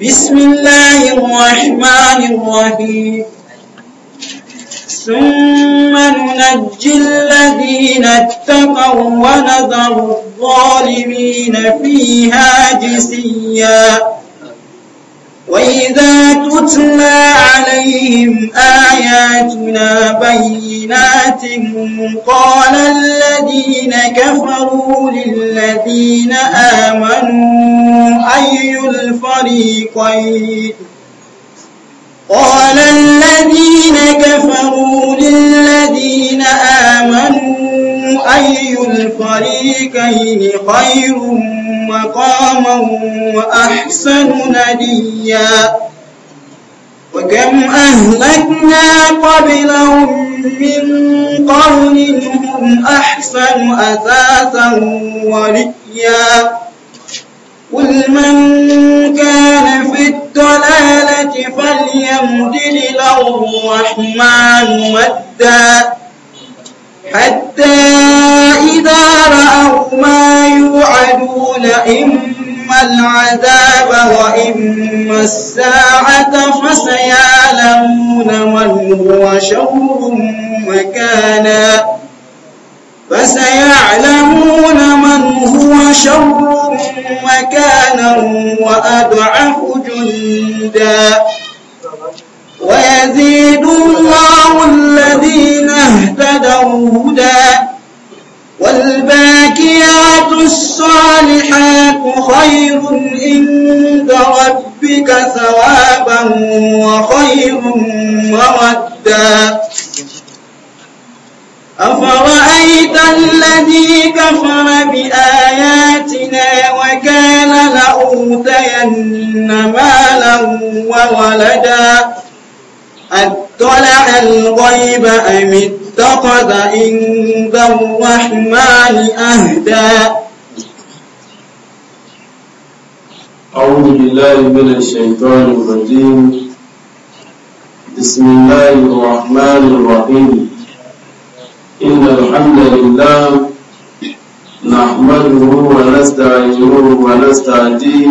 بسم الله الرحمن الرحيم ثم ننجي الذين اتقوا ونذر الظالمين فيها جسيا وإذا تتلى عليهم آياتنا بينات قال الذين كفروا للذين آمنوا أي الفريقين قال الذين كفروا للذين آمنوا أي الفريقين خير مقاما وأحسن نديا وكم أهلكنا قبلهم من قرن هم أحسن أثاثا ورئيا قل من كان في الضلالة فليمدد له الرحمن مدا حتى إذا رأوا ما يوعدون إما العذاب وإما الساعة فسيعلمون من هو شر مكانا فسيعلمون من هو شر مكانا وأضعف جندا ويزيد الله الذين اهتدوا هدى والباكيات الصالحات خير عند ربك ثوابا وخير مردا أفرأيت الذي كفر بآياتنا وكان لأوتين مالا وولدا أطلع الغيب أم اتخذ عند الرحمن أهدا أعوذ بالله من الشيطان الرجيم بسم الله الرحمن الرحيم إن الحمد لله نحمده ونستعينه ونستهديه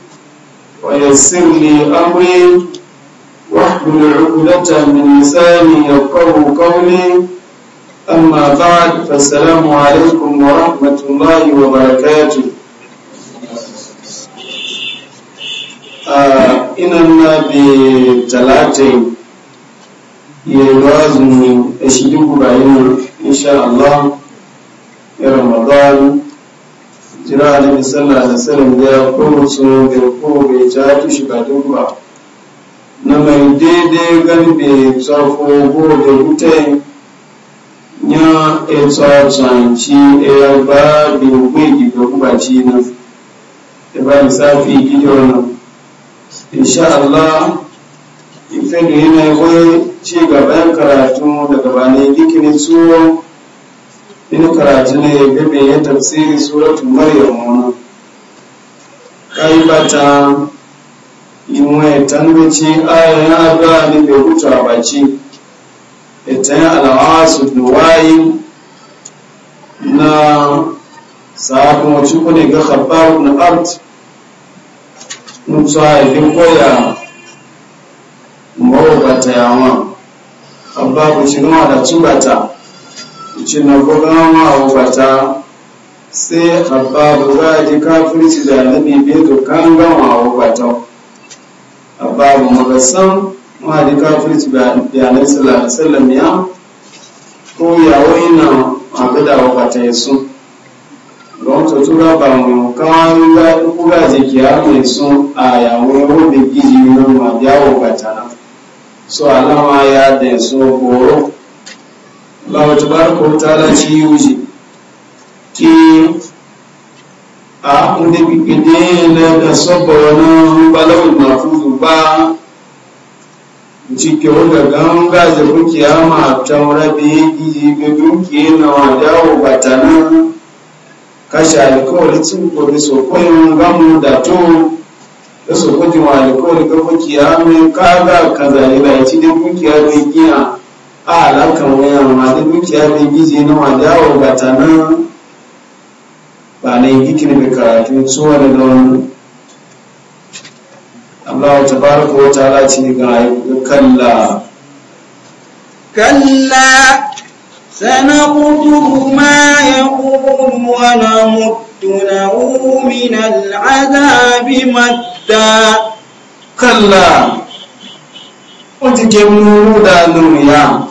ويسر لي أمري واحلل عقدة من لساني يفقه قولي أما بعد فالسلام عليكم ورحمة الله وبركاته إن آه، إننا تلاتين يلازم أشدوك بعين إن شاء الله في رمضان Kira alaihi sallallahu alaihi wasallam ya kowa su ga kowa bai ja ki shiga dukwa na mai daidai galbe tsafo ko da wuta ya etsa tsanci ya ba bi gwi ga kubaci na da ba safi gidan nan insha Allah ife da yana yi ci gaban karatu daga bane gikinin tsohon in karatu ne gabe ya tafsiri suratu maryam wani kai bata inwe tanwaci ayan addu'a ne bai hutu a baci ita yin al'asu duwayi na sahabin wacce kone ga khabbar na art mutuwa ilin koya mawabata yawan khabbar wacce gama da tubata cina gwabawa a wubata sai ababu za a ji kafirci da annabi bai to kan gama a wubata ababu magasan ma ji kafirci da annabi sallallahu alaihi wasallam ya ko ya wayna abida wubata yasu don to tura ba mu kan ga kuga ji kiyamu yasu a yawo rubi gidi ne ma ya wubata so alama ya da yasu goro Allah tabaraka wa ta'ala ci yuji ki a hunde bikide na da saba wani balawul mafuzu ba cike wanda ganga, gaje kuke ama ta rabe gidi be dukiye na wadawo batana kashi alkawari tun gobe so koyin gamu da to da so kwaji wa alkawari ga kuke ame e kaga kaza ila ci da kuke ame giya a lankan wayan ma da dukiya gizi na wadawa ba ta ba na yi gikin da karatu tsuwa da wani Allah ta baraka wa ta'ala ce ga kalla kalla سنقتل ما يقول ونمت له من العذاب مدا كلا وتكملوا دانويا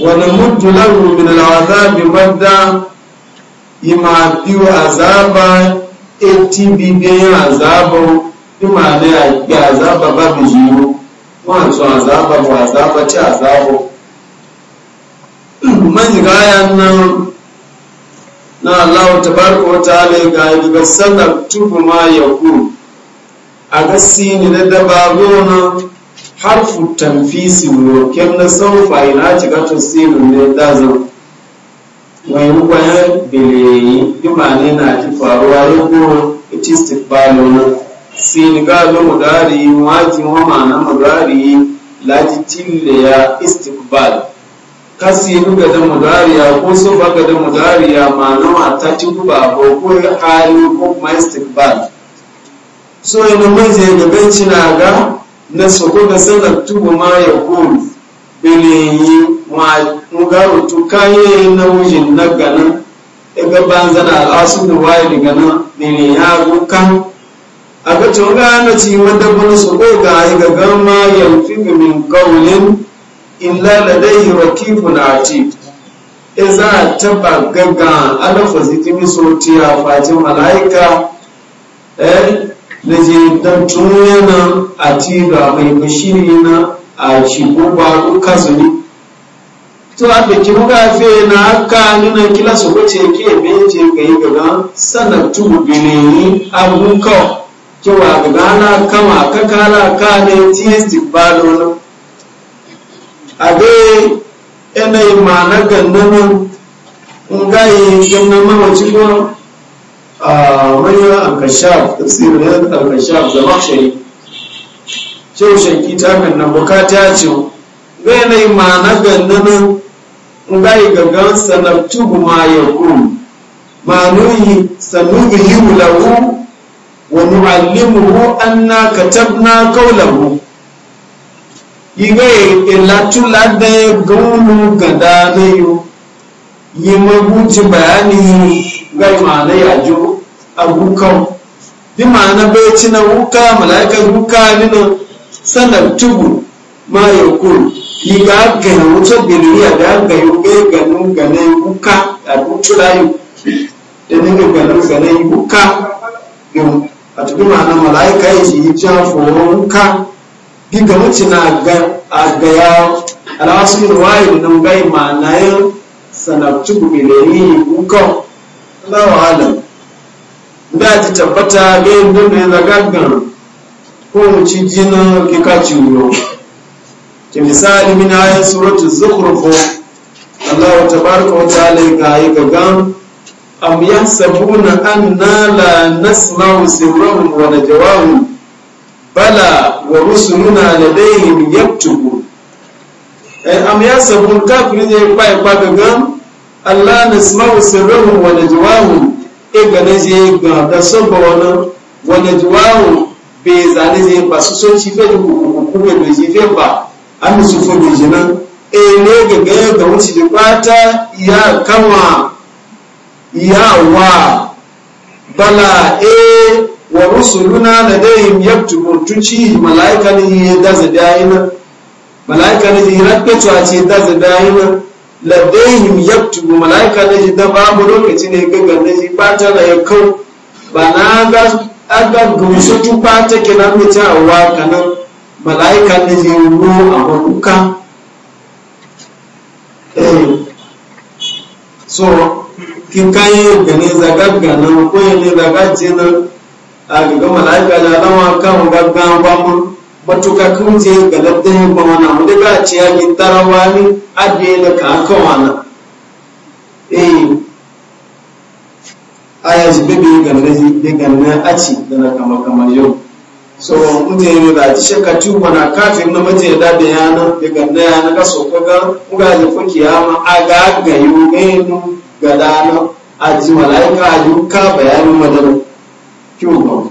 ونمد له من العذاب مدا يما بيو عذابا اتي بيبين عذابا يما نيا عذابا بابي جيو wato azaba ba azaba ci azabo majigayan na Allah ta barka wa ta'ala ga yi ga sanar tubu ma ya a gasi ne na dababo na harfu tanfisi wo kem na saufa ina ci gato sinu ne dazan ya bayan bileyi imane na ji faruwa ya goro ita istikbalo na sinu gado mudari waji wa ma'ana mudari laji tille ya istikbal kasi ruga da mudariya ko so ba ga da mudariya ma'ana mata ci guba ko ko hali ko kuma istikbal so ina mai zai gaban cina ga na soko ga sanar tuba ma ya kulu yi ma garo tu kaye na wujin na gana ega banza na al'asu da waye daga na biliyi ya gukan a ga na ci wadda bana soko ga ai ga gama ya fi min kaulin illa ladaihi rakibun atid e za a taba gaga alafa zikimi so tiya fatin mala'ika eh na je dan tunena a tilo mai bashiri na a shigo ba ko kazuni to a da kimu gafe na aka nuna kila su wace ke bece ga yi gaga sanatu bilini abubuwa kewa kama kakala ka ne tsd balo na a dai yanayi ma na gannanin ngayi gannan mamaci gona manyan alkashaf tafsirin yan alkashaf zama shari shehu shanki ta kan na bukata ce ga yanayi ma na gannanin ngai gagan sanabtubu ma ya kuru ma nuyi sanubihi lahu wa nu'allimuhu anna katabna qawlahu yiga ilatula da gonu gada na yau yi maguci bayani ga ma'ana ya jo a hukan bi ma'ana bai ci na huka mala'ika huka nuna sanar tubu ma ya kuru yi ga gana wuce biliriya da yi bai ganin gana huka a kucu layu da nuna ganin gana huka a tubi ma'ana mala'ika ya ji yi jan fowon huka Gi ga mace na gaya alawasu yin wayo da nan gai ma'ana yin sanaktubu ilayhim ko Allahu alam da ta tabbata ga yadda ne zagaggan ko mu ci jinin kika ciwo ke misali min ayin suratul zukhruf Allah tabaraka wa ta'ala ga yi gagan am an anna la nasma'u sirrahum wa jawabu. bala wa rusuluna ladayhim yaktubu eh, am kafin kafirin ya yi kwa gagan Allah na smau sirrahun wa najwahun iga na je ga da sabba wani wa najwahun bai zane je ba su so ci bai hukuma da je ba an su fa da jinan eh ne ga ga ga wuce da kwata ya kama ya wa bala eh wa rusuluna ladayhim yaktubun tuci malaika ne ya daza dayina malaika ne ya rakkato a ce daza dayina ladayhim yaktubu malaika na ji da babu lokaci ne gaga na ji bata na ya kau ba na ga aga gumsu tu bata kina mita awa kanan malaika na ji ru a maruka so kin kayi gane zagagga na ko ne zagace na a ga malaika na lawa kan gaggawa mun batuka je ga labdan ba wana mu daga ce ya yi tarawani adde da ka aka wana eh aya jibe ga nazi da ga na aci da na kama kamar yau so muje ne da ci shaka tu wana kafin na mace da da yana daga na yana ka so ka ga uga ji fuki kiyama, a aga ga yi ga nu ga dana ji malaika yi, ka bayanin madara kyau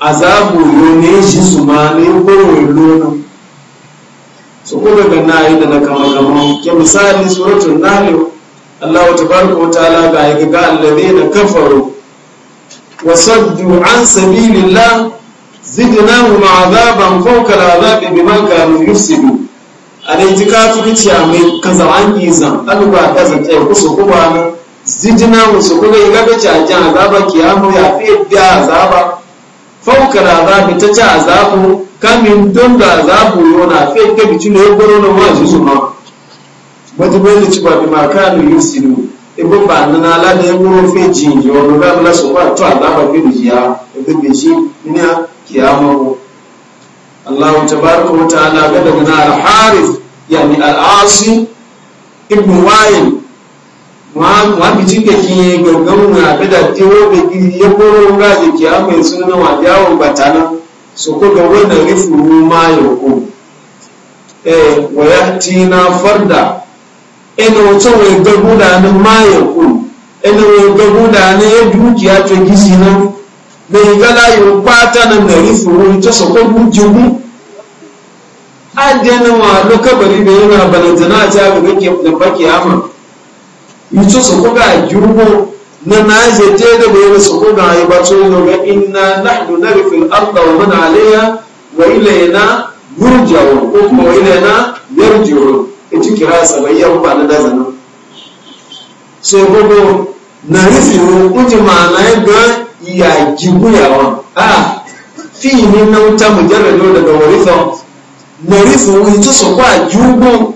azabu ne shi su ma ne kowai lona su kuma ga na yi da na kama gama ke misali suratun nahliyo Allah ta barka wa ta'ala ga ya ga alladhina kafaru wa saddu an sabilillah zidnahum azaban fawqa al'azabi bima kanu yufsidu alai tikatu a mai kaza an yi zan alba da zance ku su kuma na zidnahum su kuma yi gaba ci ajan azaba kiyamu ya fi da azaba fawkar azabi ta ci azabu kamin don da azabu yana fiye ga bici ne gwaro na wani su ma wata bai da ci ba maka ne yi sinu ibu ba na nala da yin wuro fiye ji yi wani ramu na su ba to azaba fi da jiya ibu bai shi ina kiyama ko Allah ta baraka wa ta'ala ga daga na al yani al ibn wa'il wa mijin da ke na mu da da ya ga da ke a suna wa yawon batana su ko ga wannan rufuru ma ya eh waya tina farda ina wato wai gabu da nan ma ya ina wai gabu da nan ya dukiya to gizi nan gala ya kwata nan da rufuru ta su ko gujigu adiyana wa lokabari da yana balantana ta ga gake da amma mutu su kuga jirgo na na je te da bai su kuga ya bato no ga inna nahnu narfil arda wa man alayha wa ilayna yurja'u ko kuma ilayna yarji'u ita kira sabayya ba na da zanan so gogo na rifiru kuji ma'ana ga ya jibuyawa a fi ni na wuta mujarrado daga warithon na rifiru ita su kwa jugun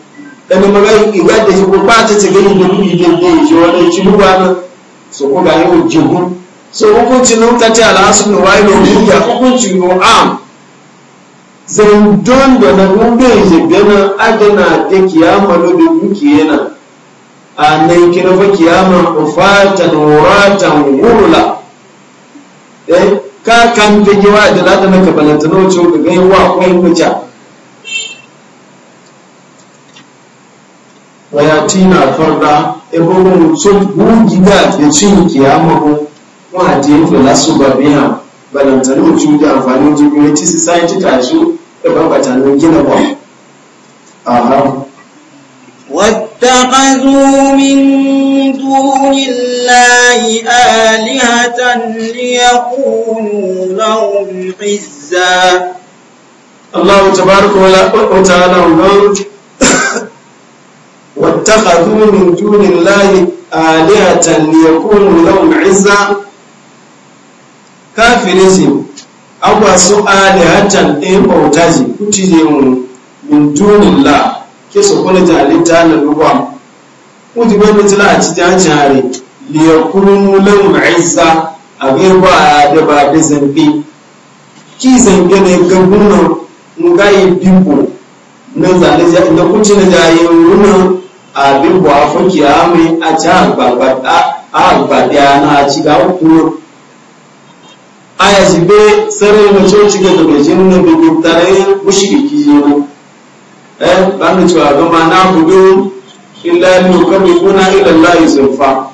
ẹni mọ́gá ìwé àdéjì púpá àtẹ́tẹ̀ gẹ́gẹ́ ìdòdó ìdèdè ìṣòwọ́n ìṣìlúwà náà sọ̀kọ́gà yóò jẹun so hukuncin nan ta ce al'asun wai domin ya hukuncin no'am zandon da na gube jibina adana da kiyama da duki yana a nan kina fa kiyama ufatan wuratan wurula eh ka kan da giwa da na kabalanta na wuce ga gaiwa ko in kuca wayatina farda ebogun so buji da ya cin kiyama ko wa je to lasu babiya balanta ne mutum da amfani wajen gwamnati su sai ci gina ba aha واتخذوا من دون الله آلهة ليكونوا لهم عزا الله تبارك وتعالى واتخذوا من دون الله آلهة ليكونوا لهم عزا كافرين agwa su alihatan ɗin bauta ji kuti ne mu min dunin la ke su kuna jalita na ruwa kuti bai mutu la a ci ta jare liyakunu lam izza a bai ba da ba da zambe ki zambe ne ga gunan mu ga bimbo na zalija da kuti na abin bɔ afɔ kiyame a agbagba agbadiana ati gawokuro ayasi be sɛrɛ ne tso tsi ke tɔmɛ tsi ne bebe tara ye musiki kiri wo ɛ e, bani tso agama n'abudu ilani o kabi kuna ilala izofa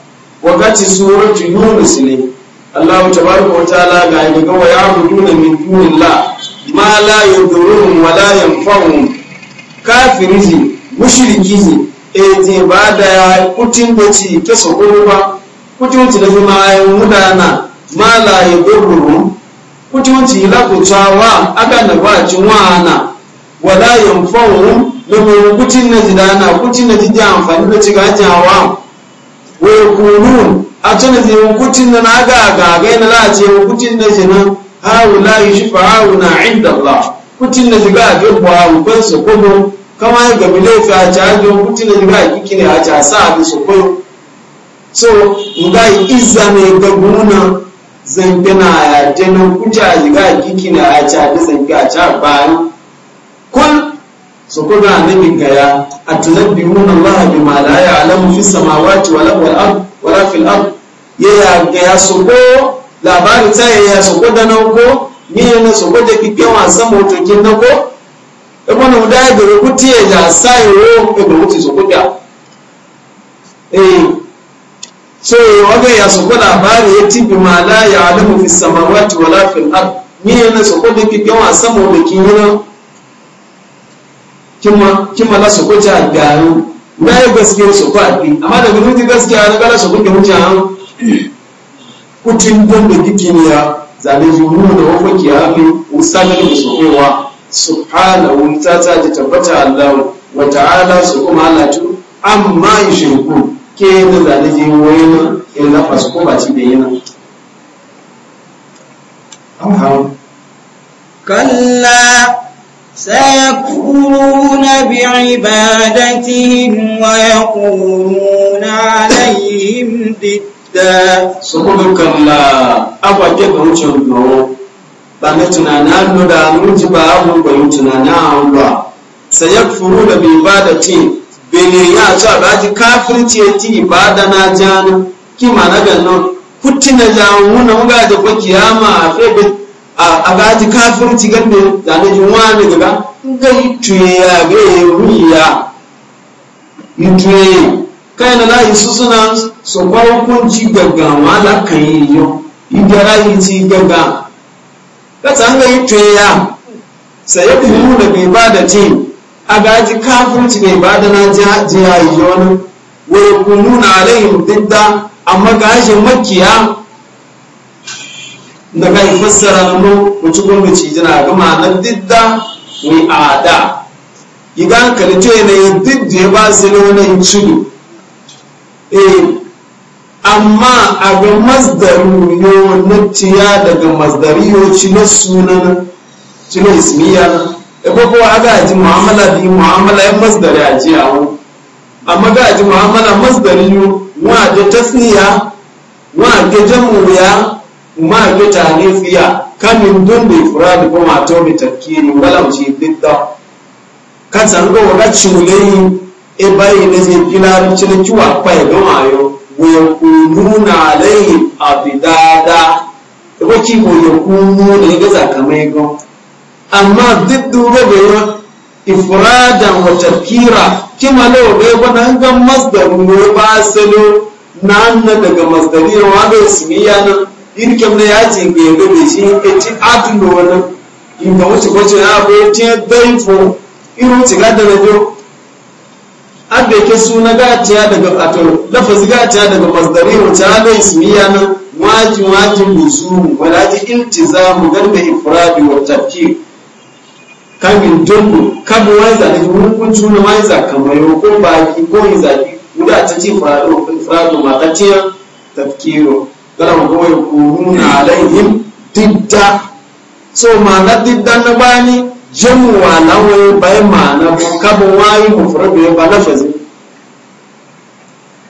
wakati suworo tu su ne. alahu tabaraka wa taala ga yi ya wa ya abudu na min duni la ma la yudurum wa la yanfa'um kafirizi mushriki eti ba ya kutin da ci ke sakuru ba kutin ci da na mudana mala ya gurguru kutin ci aka na ba ci wana wala yin fawo da mai na jidana na amfani da ci gajawa wai wa a tuna zai kutin na naga gagai na lace kutin na jina la yi shifa na inda Allah kutin na jiga a jirgwa hawukansa kuma kama ya gabi laifi a ci wani kuti na ga kiki ne a ci a sa abin su ko so nga yi ne ga guna zanke na ya na kuce a ji ga kiki ne a ci a da zanke a ci a bayan kwan so ko ga nemi gaya a bi muna laha bi ma la ya'lamu fi samawati wala wal ard wala fil ard ya ya gaya so ko labarin ta ya so ko da na ko ni yana so ko da kike wasan motokin na ko ebona udai gbere kuti eja sai wo gbere kuti so kuja eh so wanda ya so kuna bari ya tibi ma la ya alamu fi samawati wala fil ard ni ne so ko diki kinyina kima kima la so kuja garu na yi gaskiyar so ko abi amma da gudu gaskiya na gala so kuja wuce kuti kutin don da kikiniya zalimi mu da wafa kiyafi usalin so subhanahu ta ta tabbata Allah wa ta'ala su kuma Allah amma yushriku ke da zaliji wayna in la fasu ko baci da yana kalla سيكفرون بعبادتهم ويقولون عليهم ضدا سقط الله أبا جد وجهه ba na tunana da nuji ba abu ba yi tunana ba sayak furu da bai ba da ce bene ya ta ba ji kafirci ya ti ibada na jani ki ma na ganno kutti na jamu na muga da ko kiyama a fe a ga ji kafirci ganne da na ji wani gaba gai tuye ya ga ruya mutuye kai na layi su suna so kwa hukunci gaggawa la kan yi yo idara yi ti gaggawa kata an yi ya, sai ni mu da bai ba da ji a gaji kafirci bai ba da na ji ya yi wani wai kunu na alayin didda amma gashi makiya na ga fassara mu mutu gwamnati ci jina ga ma'anar didda wi ada idan kalce na didda ya ba su ne wani cudu amma a ga masdaru yo na ciya daga masdari yo ci na sunan ci na ismiya na da e ko aga ji mu'amala bi mu'amala ya masdari a ji awo amma ga ji mu'amala masdari yo wa ga tasniya wa ga jamu ya ma ga tanifiya kamin don da ifrad ko ma to bi takkiri wala mu didda kan san ga wa ga cimulayi e bayi ne je filarin cikin kiwa fa ga yau. ويكونون عليهم أضدادا وكيف يكونون إذا كميكم أما ضد ربنا إفرادا وتذكيرا كما لو ربنا أنك مصدر ويباسلو nan na daga masdariya wanda ismiya nan irkem na ya ce ga yaga da shi ya ci adino wannan ya abu ya ce daifo irin cika da rajo abda ke suna gaciya daga atol lafazi gatiya daga masdari wacce hada ismiya nan waji waji musu walaji ji iltizamu ganda ifradi wa tafkir kamin dundu kabu wani zaki hukun cuna wani zaka mai hukun baki ko yi zaki da ta ci ifradi ma ta ciya tafkiro gara kawai kuruna alaihim didda so na didda na bani jamuwa na wani bai ma'ana kabin wayi mufrabi ya ba fazi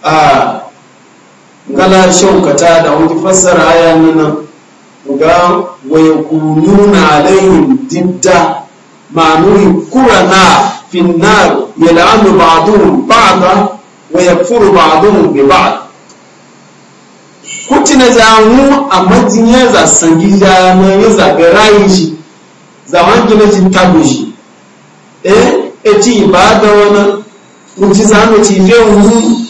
a ngala shaukata da wani fassara aya nan ga wayakununa alaihim didda ma'anuri kurana finnar yal'anu ba'dun ba'da wa yakfuru ba'dun bi ba'd kutina zamu amma jinya za sangi da ya yi zagarayi shi zaman gina jin tabo shi eh eti ba da mun ji zamu ci fe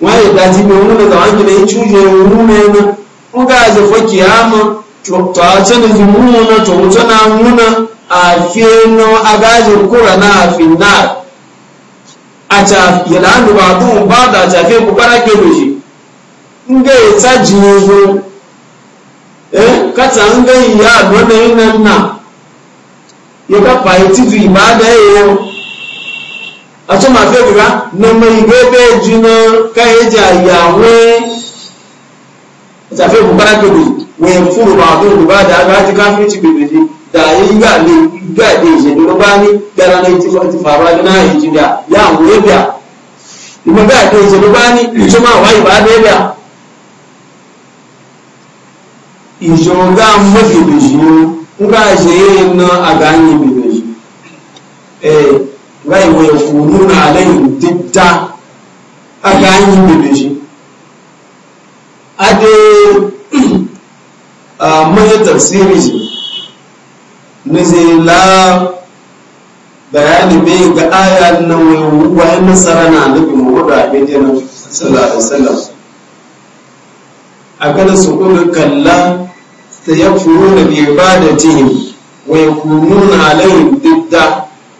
waye daji mai wani daga wani da cuje wuri ne na ga aje fa kiyama to a ce da jimuna to wuce na muna a fiyano a na finna a ta yalanu ba tun ba da ta fi bukara ke doshi in ga ya ta eh kata ya dole na ya fa yi ibada àti ọmọ àfẹ́gbẹ̀rá nọmọ ìgbé bẹ́ẹ̀ jùlọ káyéjà ìyàwó ìtàfẹ́gbù bára gbèbè wẹ̀ fúrò bá àdúrà bá dáadáa láti káfíń ti gbèbè ní dàáyé gbà lè gbà dé ìṣèlú ló ní gbára ní ti fọ́ ti fàrọ̀ adúná ìjìdá yá àwọn ẹ̀bíà ìmọ̀ gbà dé ìṣèlú bá ní ìṣọ́mọ̀ àwọn ìbá dé ẹ̀bíà ìṣòro ga mọ́ gbèbè yìí ń gá ṣe é na àgáyìn gbèbè yìí rai wa yakununa alaihim didda aga yin bebe shi ade a mai tafsiri shi na la bayani bai ga aya na wayan nasara na nabi muhammadu a bai dina sallallahu alaihi wasallam a kada su kuma kalla ta yakfuru da bi ibadatihim wa yakununa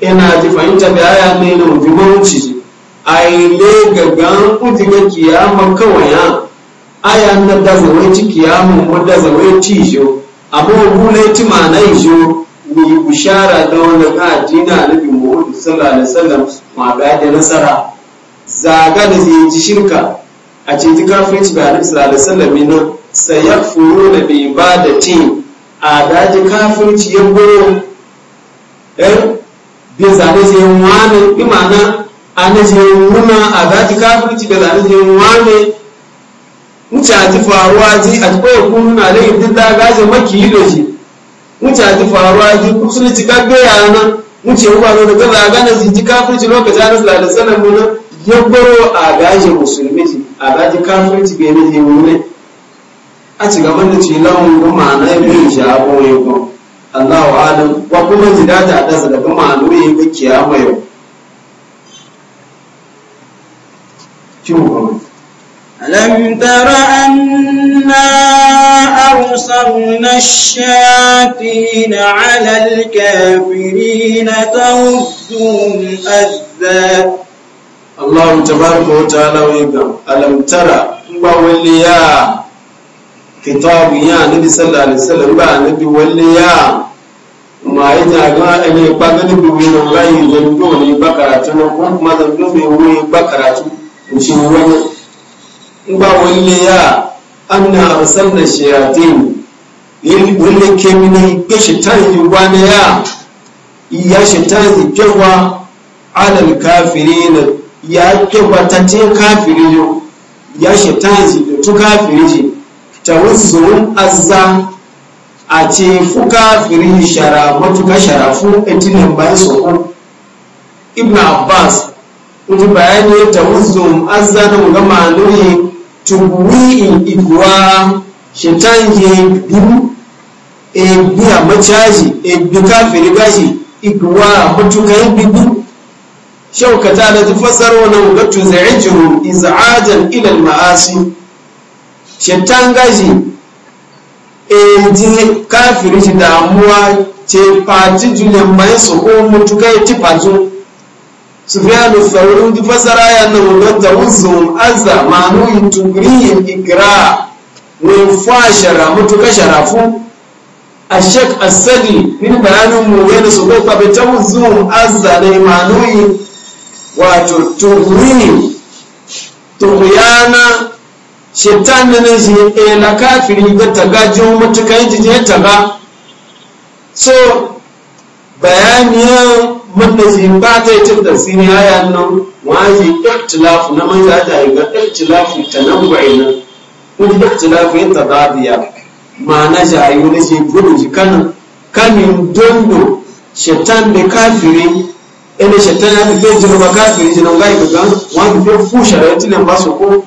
ina ji fahimta da aya ne na muhimmanci ga gagan kujiga kiyama kawaya aya na da zawai ci kiyama mu da zawai ci jo abu bule ci manai jo mu yi bishara da wanda ka dina nabi Muhammad sallallahu alaihi wasallam ma ga da nasara zaga da zai ji shirka a cikin kafirci da annabi sallallahu alaihi wasallam ne furo da bi ibadati a daji kafirci ya goyo eh bi zane je wane bi ana je muna a gaji kafirci da zane je wane wuce a ti faruwa ji a koya kunna da yin dinda gaje da shi wuce a ti faruwa ji musulunci ka gaya na wuce wani da gaza gane su ji kafirci lokacin ana sallallahu alaihi muna ya gbaro a gaje musulmi ji a gaje kafirci bai ne je a ci gaban da ce na ya shi wa alim wa kuma zidata da daga an na ga kiyama yau ألم تر أنا أرسلنا الشياطين على الكافرين تغزهم أذى الله تبارك وتعالى alamtara ألم ترى مبوليا kitabu ya nabi sallallahu alaihi wasallam ba nabi walli ya ma yi jaga an yi ba nabi wani layi zan ndo ne ba karatu na ko kuma zan ndo mai wani ba karatu in shi wani in ba walli ya anna arsalna shayatin yeli bulle ke shaitan yi wani ya ya shaitan yi alal kafirin ya ta ya shaitan yi da tu kafirin tawuzun azza a ce fuka firi shara matuka sharafu etinin bayan soko ibn abbas kuji bayani tawuzun azza na muga manuyi tubuwi'in ikuwa shetanji biyu biya macaji ebika firi gashi ikuwa matuka yi biyu shaukata da ta fasaro na muga iza'ajan ilal ma'asi shaitan gashi eji kafiri shi damuwa ce faci julen mai su ko mutuka ya ci facu sufiyanu saurin ji fasara ya nan wadda wuzun aza ma nuyin tugriyin ikira mun fa shara mutuka sharafu a shek asadi min bayanin mu yana su kofa bai ta wuzun azza ne ma nuyin wato tugriyin tugyana shaitan na nan shi e na kafiri ga taga jin matukan jijin taga so bayaniyan manna shi ba ta yi cin tasiri haya nan waje ikhtilafu na man zaja ga ikhtilafu ta nan kun ikhtilafu yin tadadiya ma'ana jayu na shi gudu jikana kanin dondo shaitan da kafiri ina shaitan ya fi bai jirma kafiri jinan ga ibi gan wani fi fushe da ya tilin ba su ko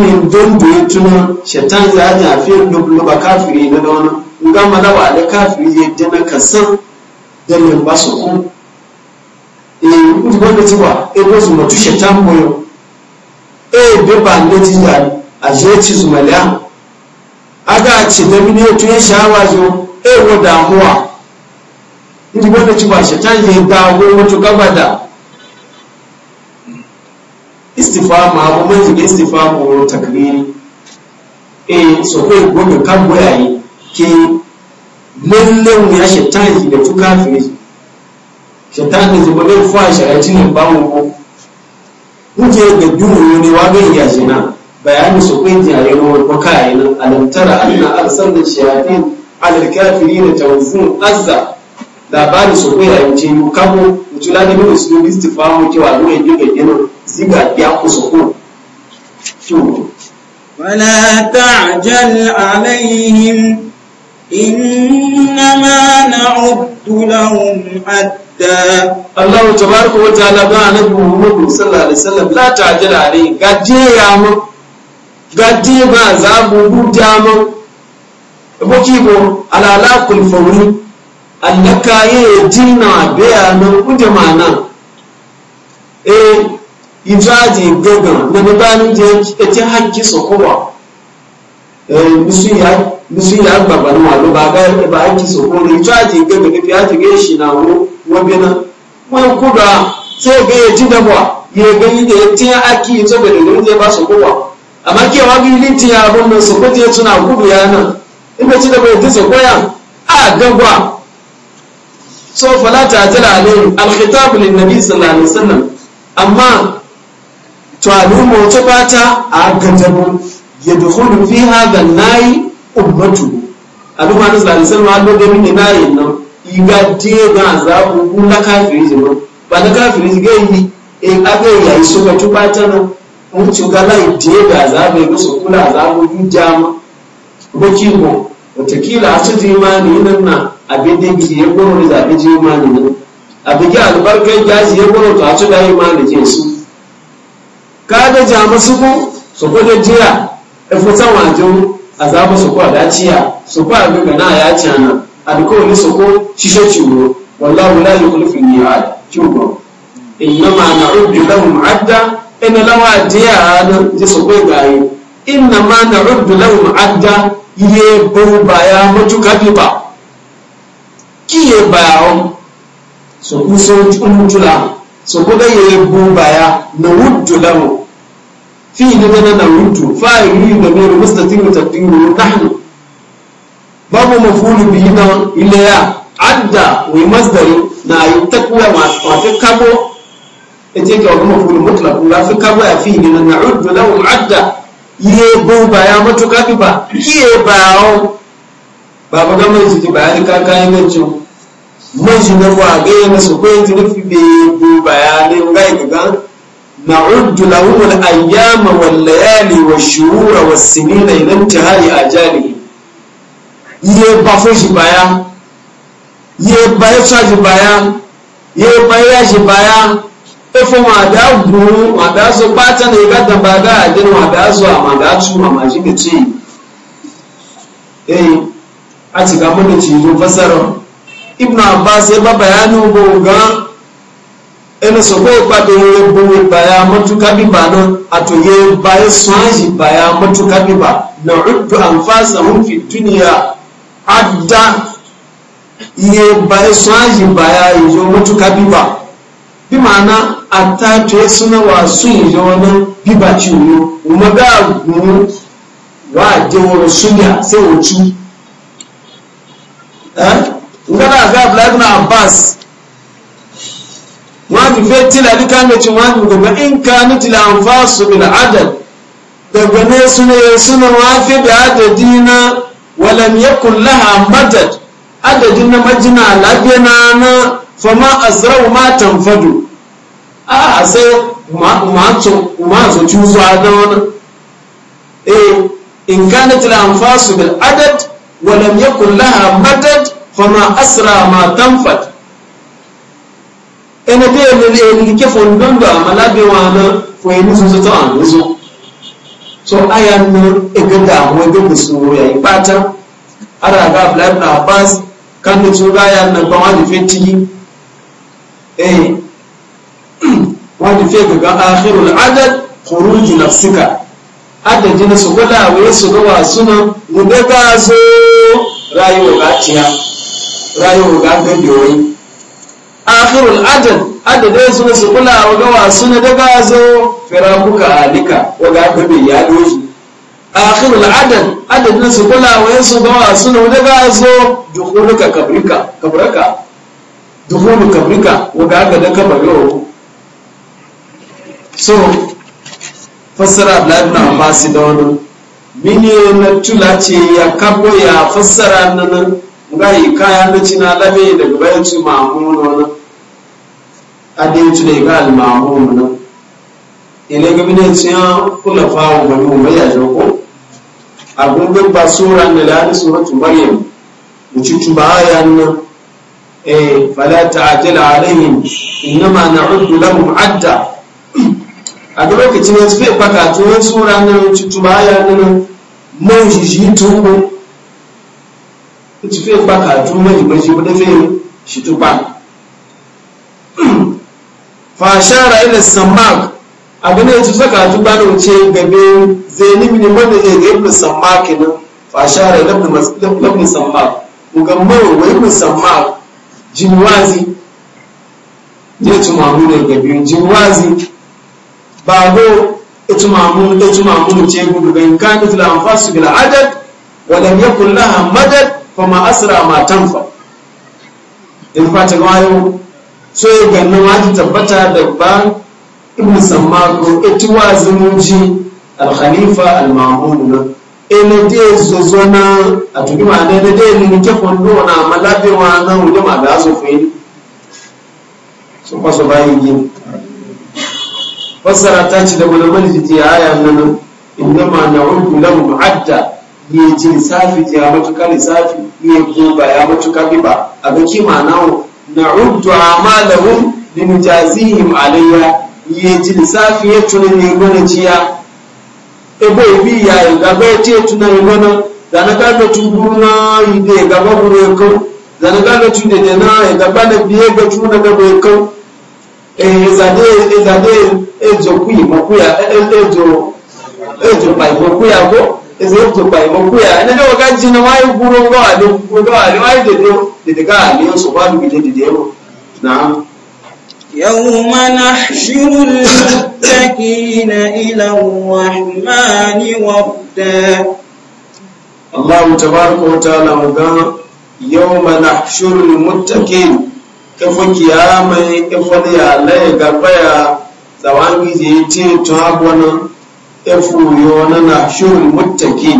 min don da ya tuna shaitan za a jafi lubluba kafiri na da wani nga malaba da kafiri ya na kasan da yin ba su ku. e eh, kuti wanda ti ba e ko su mutu shaitan boyo e be ba ne ti da a je ci su a ga ci da mini ya tuye shawa zo e wo damuwa kuti wanda ti ba shaitan ya dawo mutu gaba da istifama abu mafi istifama wurin takriri eh so kai gobe kan boyaye ke mallan ya shaitani da tuka firi shaitani zuba ne fa shaitin ba mu ko kuke ga duhu ne wa gani ya shina bayani su kai jaye ruwa ko kai nan alantara anna arsalna shayatin alal kafirin tawzun azza labari su kai yi kabo mutula ni mu su bi istifamu cewa dole ne ga gina ziga ya kusa ko to wala ta'jal alaihim innama na'uddu lahum hatta allahu tabaraka wa ta'ala ba annabi Muhammad sallallahu alaihi wasallam la ta'jal alaihim gaje mu gaje ba za mu huta mu boki ala alala kun fawri annaka ye jinna beya na kuja mana e ijaji gaga na nibani je eti hakki sokowa e musu ya musu ya baba no alo ba ga ba hakki sokowa ijaji gaga ke fiati ge shi na wo wo bena mo kuda se ge ye jinda bwa ye ge ni ge eti hakki to be de je ba sokowa amma ke wa bi liti ya bon sokoti tuna kudu yana ibe e ci da bai e ti sokoya a gagwa so fala ta jira alayhi alkhitab lin nabi sallallahu alaihi wasallam amma to al'umma to bata a gajabu yadkhulu fi hadha an-nayi ummatu al'umma na sallallahu alaihi wasallam allo da min nayi nan iga de ga za ku kula kafiri je ba da kafiri ga yi e aga ya so ka to bata nan mun ci ga lai de ga za ku so kula za ku jama ko kimo watakila a ci imani nan na abin da ke ya gwaro da zaɓi ji imani nan a bigi albarkar gaji ya gwaro to ci da imani ke su ka da jami su ku su ku da jiya a fitan wajen a zaɓi su ku a daciya su ku a na ya ci ana alkawali su ku shishe ciwo wallahu la yukulufin ni'ad ciwo innama na'uddu lahum adda ina lawa jiya nan ji su ku gayi inna ma na rudu lahum adda ihe bo baya matuka biba kiye baya on so kun so mutula so kuga ye bo baya na rudu lahum fi dana na rudu fa yi da mai mustatin taqdiru nahnu babu mafulu bihi na ilaya adda wa masdari na yi takwa ma kabo ita e ka ga mafulu mutlaq la fi kabo ya fi na rudu lahum adda iye ba ya matuka biba iye ba ba ga mai jiki bayani kaka yi mai ciwo mai shi na kwa ga yana su kwaye ti nufi da ba ya ne ga yi gaga na uddu lahumul ayyama wal layali wa shuhura was sinina ta intihai ajali iye ba fo shi baya iye ba ya shi baya iye ba ya shi baya efo ma da guru ma da zo bata ne ga da baga ajin ma da zo ma ga su ma ma ji kici eh a ci ga mun ci zo fasaro ibn abbas ya ba bayani go ga ene so ko pa de ye bu ba ya matuka bi ba no ato ye ba ye sanji ba ya matuka bi ba na uddu anfasahum fi dunya adda ye ba ye sanji ba ya yo matuka bi ba bi ma'ana attato suna wasu yi wani biba ciwo kuma ga gumu wa jewar sunya sai wuci eh? ngana ga abdullahi na abbas wani fetila ni kan da cin wani ba in ka ni tila an fasu bil adad daga ne suna yi suna wafi da adadi na walam yakun laha madad adadin na majina lafiya na na fama azrau ma tanfadu a sai umarzu ci zuwa da wani eh in kana tilamfasu bil adad walam yakun laha madad fama asra ma tanfad ene be ene ene ke fon dondo amala be wana fo ene so so tan so so aya no e gada mo e gada so ya ipata ara ga blab na bas kan to ga ya na ba wani fetigi eh wani fe gaga akhirul adad khuruju nafsika adadi na su gwada waye su ga wasu nan ga su zo rayuwa ga tiya rayuwa ga gande wai akhirul adad adadi su na su gwada ga wasu da ga zo firakuka alika wa ga gabe ya doji akhiru adad adadi na su gwada waye su ga wasu da ga zo dukhuluka kabrika kabrika dukhulu kabrika wa ga ga da kabarewa so fassara abdullahi ibn abbas da wannan mini na tula ce ya kabo ya fassara nan ga yi kaya na cina labe daga bayan su ma'amun wannan adin su da ga al nan ile ga mini ci ya kula fawo bani mu ya ko abun da ba sura ne la ni tu maryam mu ci tuba ayan nan eh fala ta'tila alaihim inma na'uddu lahum adda a duk lokacin ya fi baka tuwon tsura nan cutuma ya nan man shi tuku ci fi baka tuwon majimaji wadda fi shi tuba fashara ila samak abu ne ci saka tuba da wuce gabe zai ne wanda ya ga ibn samak nan fashara ila ibn samak mugamman wa ibn samak jinwazi ya ci ne gabe jinwazi Ba itmamun itmamun ce gudu ban kan itla anfasu bil adad wa ya yakul laha madad ma in fata ga so ya ganna ma tabbata da ba ibn sammako itiwa zunuji al khalifa al mamun na ene de zozona atuki ma ne de ni ke na malabe wa na wuje ma da so fe so fassara ta ci da wani malijiti a aya nan inda ma na mu lahu adda ya ji lissafi ya matuka lissafi ya goba ya matuka biba a ga kima nawo da uku amalahum linujazihim alayya ya ji lissafi ya tuni ne gwani ciya ebe obi ya yi gaba ya ce tuna yi mana. da na gaba tuburu na yi da ya gaba ya kau da na gaba tu da na ya gaba da biye ga tuna da bai kau ezade ya ya dede ka yo na يوم نحشر المتقين إلى الرحمن وفدا الله تبارك وتعالى يوم نحشر efo kiyama efo ne ya laye gaba ya tsawon gizi ce ta gwana ya yona na shirin muttaki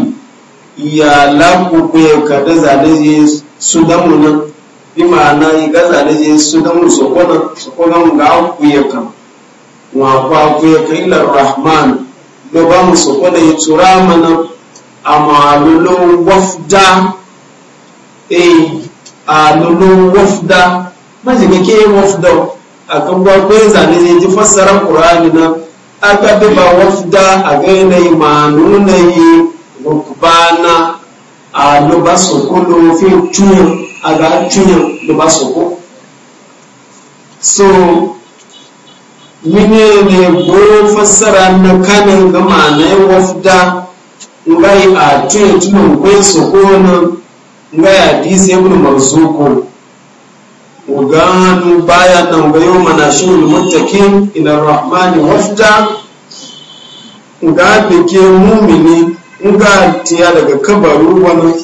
ya lamu ko ya kada zane yi su damu nan bi ma'ana yi ga zane je su damu su kona su kona ga ku ya kan wa kwa ku ya kan lar rahman do ba mu su kona ya tura mana amalulu wafda eh alulu wafda majiga ke wafda a kan gwakwai zane ne ji fassara ƙura'ani na aka bi ba wafda a gainai ma nuna yi na a luba soko lofin cuyin a ga cuyin luba soko so mine ne goyon fassara na kanin ga ma'anai wafda ngai a cuyin tunan kwai soko na ngai a disi ibn marzuku وقالوا بايا نوغا يوم المتكين إلى الرحمن وفدا وقال بكي مؤمني وقال تيالك لك كبروا ونو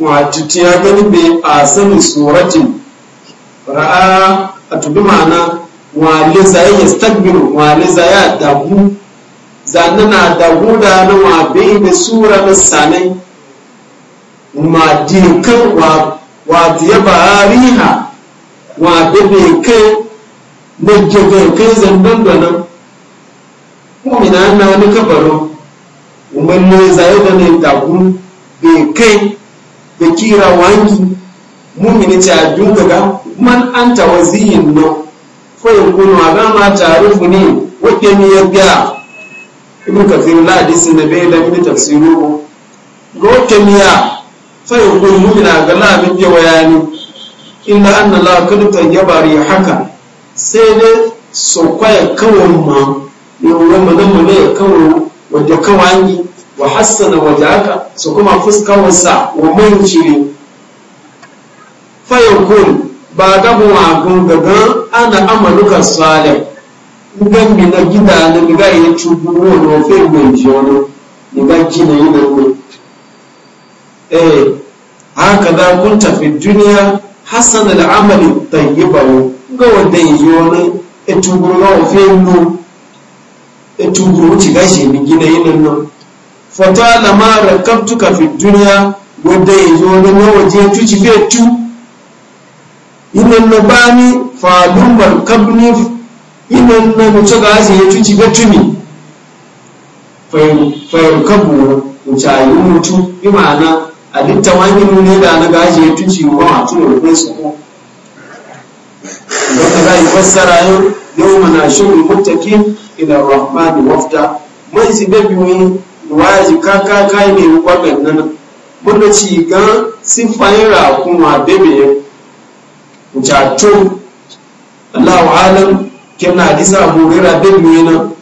وعجتيا بأسن سورة رأى أتدمعنا waliza ya yastakbiru waliza ya dagu zanna na dagu da na wabe da sura na wa bebe kai na gebe kai zangon da nan mumina na wani kabaro umarni zaye da ne dagun be kai da kira wangi mumini ce a daga ga man an tawaziyin nan fayin kunu a gama tarifu ne wadda ni ya biya ibn kafir la hadisi na bai da mini tafsiru ko ga wadda miya fayin kunu mumina ga la abin ya wayani inda an Allah kada tayyaba haka sai dai so kwaya kawar ma ne wurin mana mana ya kawai wadda yi wa hassana wadda haka so kuma fuskawarsa wa man cire fayan kun ba gabu ma gungaga ana amalukan salih gan mi na gida na mi ga yi cubu wo no fe gbe ji ona mi ga yi na ko eh haka da kun tafi duniya hasan al'amali tayyibawo ga wadda yi wani etuguru na ofe nu etuguru ci gashi mi gina yinin nan fata lamara kaptuka fi duniya wadda yi wani na waje tuci fe tu yinin na bani falumar kabni yinin na wuce ga aji ya tuci fe tumi fayar kabu wuce yi mutu bi ma'ana A alitta wani ne da na gaji ya tuci wa a tuno rufin su ko don ka yi fassara yau yau mana shirin muttaki ila rahmani wafta mai su bebi wani waji kaka kai ne kwa nan. mun ci ga sifayin rakun wa bebe mutatun Allahu alam kemna hadisa Abu da bin nan.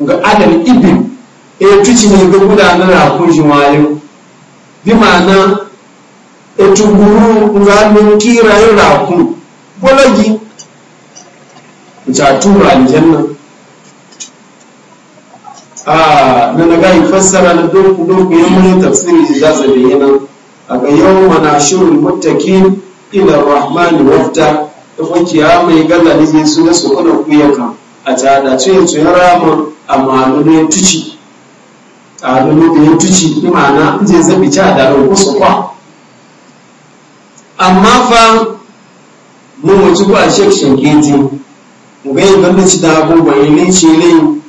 ga adal ibin e tuci ne ga gudanar rakun shi wayo bí màánà ètò gbúrú ńláńlú kí ráyìn ah, rà kú gbọ́lọ́gì ìtàtúrà àlìjẹ́nà na naga yi fassara na dokokin yamurin tafsiri da za su bayyana a ga yawon mana shirin mutakin ila rahmani wafta da kwakiya mai galla da zai suna su kuna kuyaka a tada ce su ya rama a malulu ya abin da ya tuci imana zai zabi ci a daren kusa kwa amma fa mu mutu ku a shek shankeji mu ga yin gwamnati ci da abubuwan yin ce ne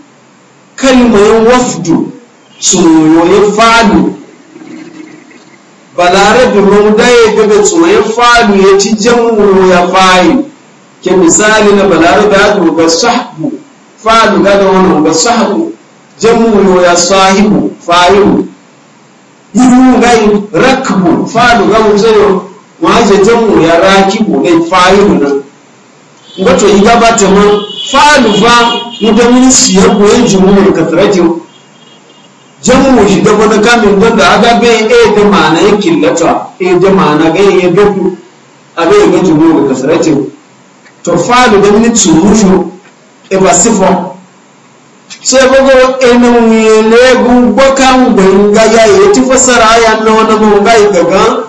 kalma ya wafdu tsoro ya fadu balare da ruda ya gaba tsoro ya fadu ya ci jam'u ya fayi ke misali na balare da ya gaba sahabu fadu gaba wani gaba sahabu jamu ya sahibu fa'ilu yiwu gai rakbu fa'ilu ga mu sayo waje jamu ya rakibu gai fa'ilu na ngoto iga ta ma fa'ilu fa mu da mun siya ko yin jumhur katratin jamu shi da wani kamin don da aga be e da mana ya killata e da ma'ana gai ya doku abai ga jumhur katratin to fa'ilu da mun tsuru shi e ba sifo. sai gogo ina wele gugbo kan gbenga ya yi ti fasara ya na wani gunga gaga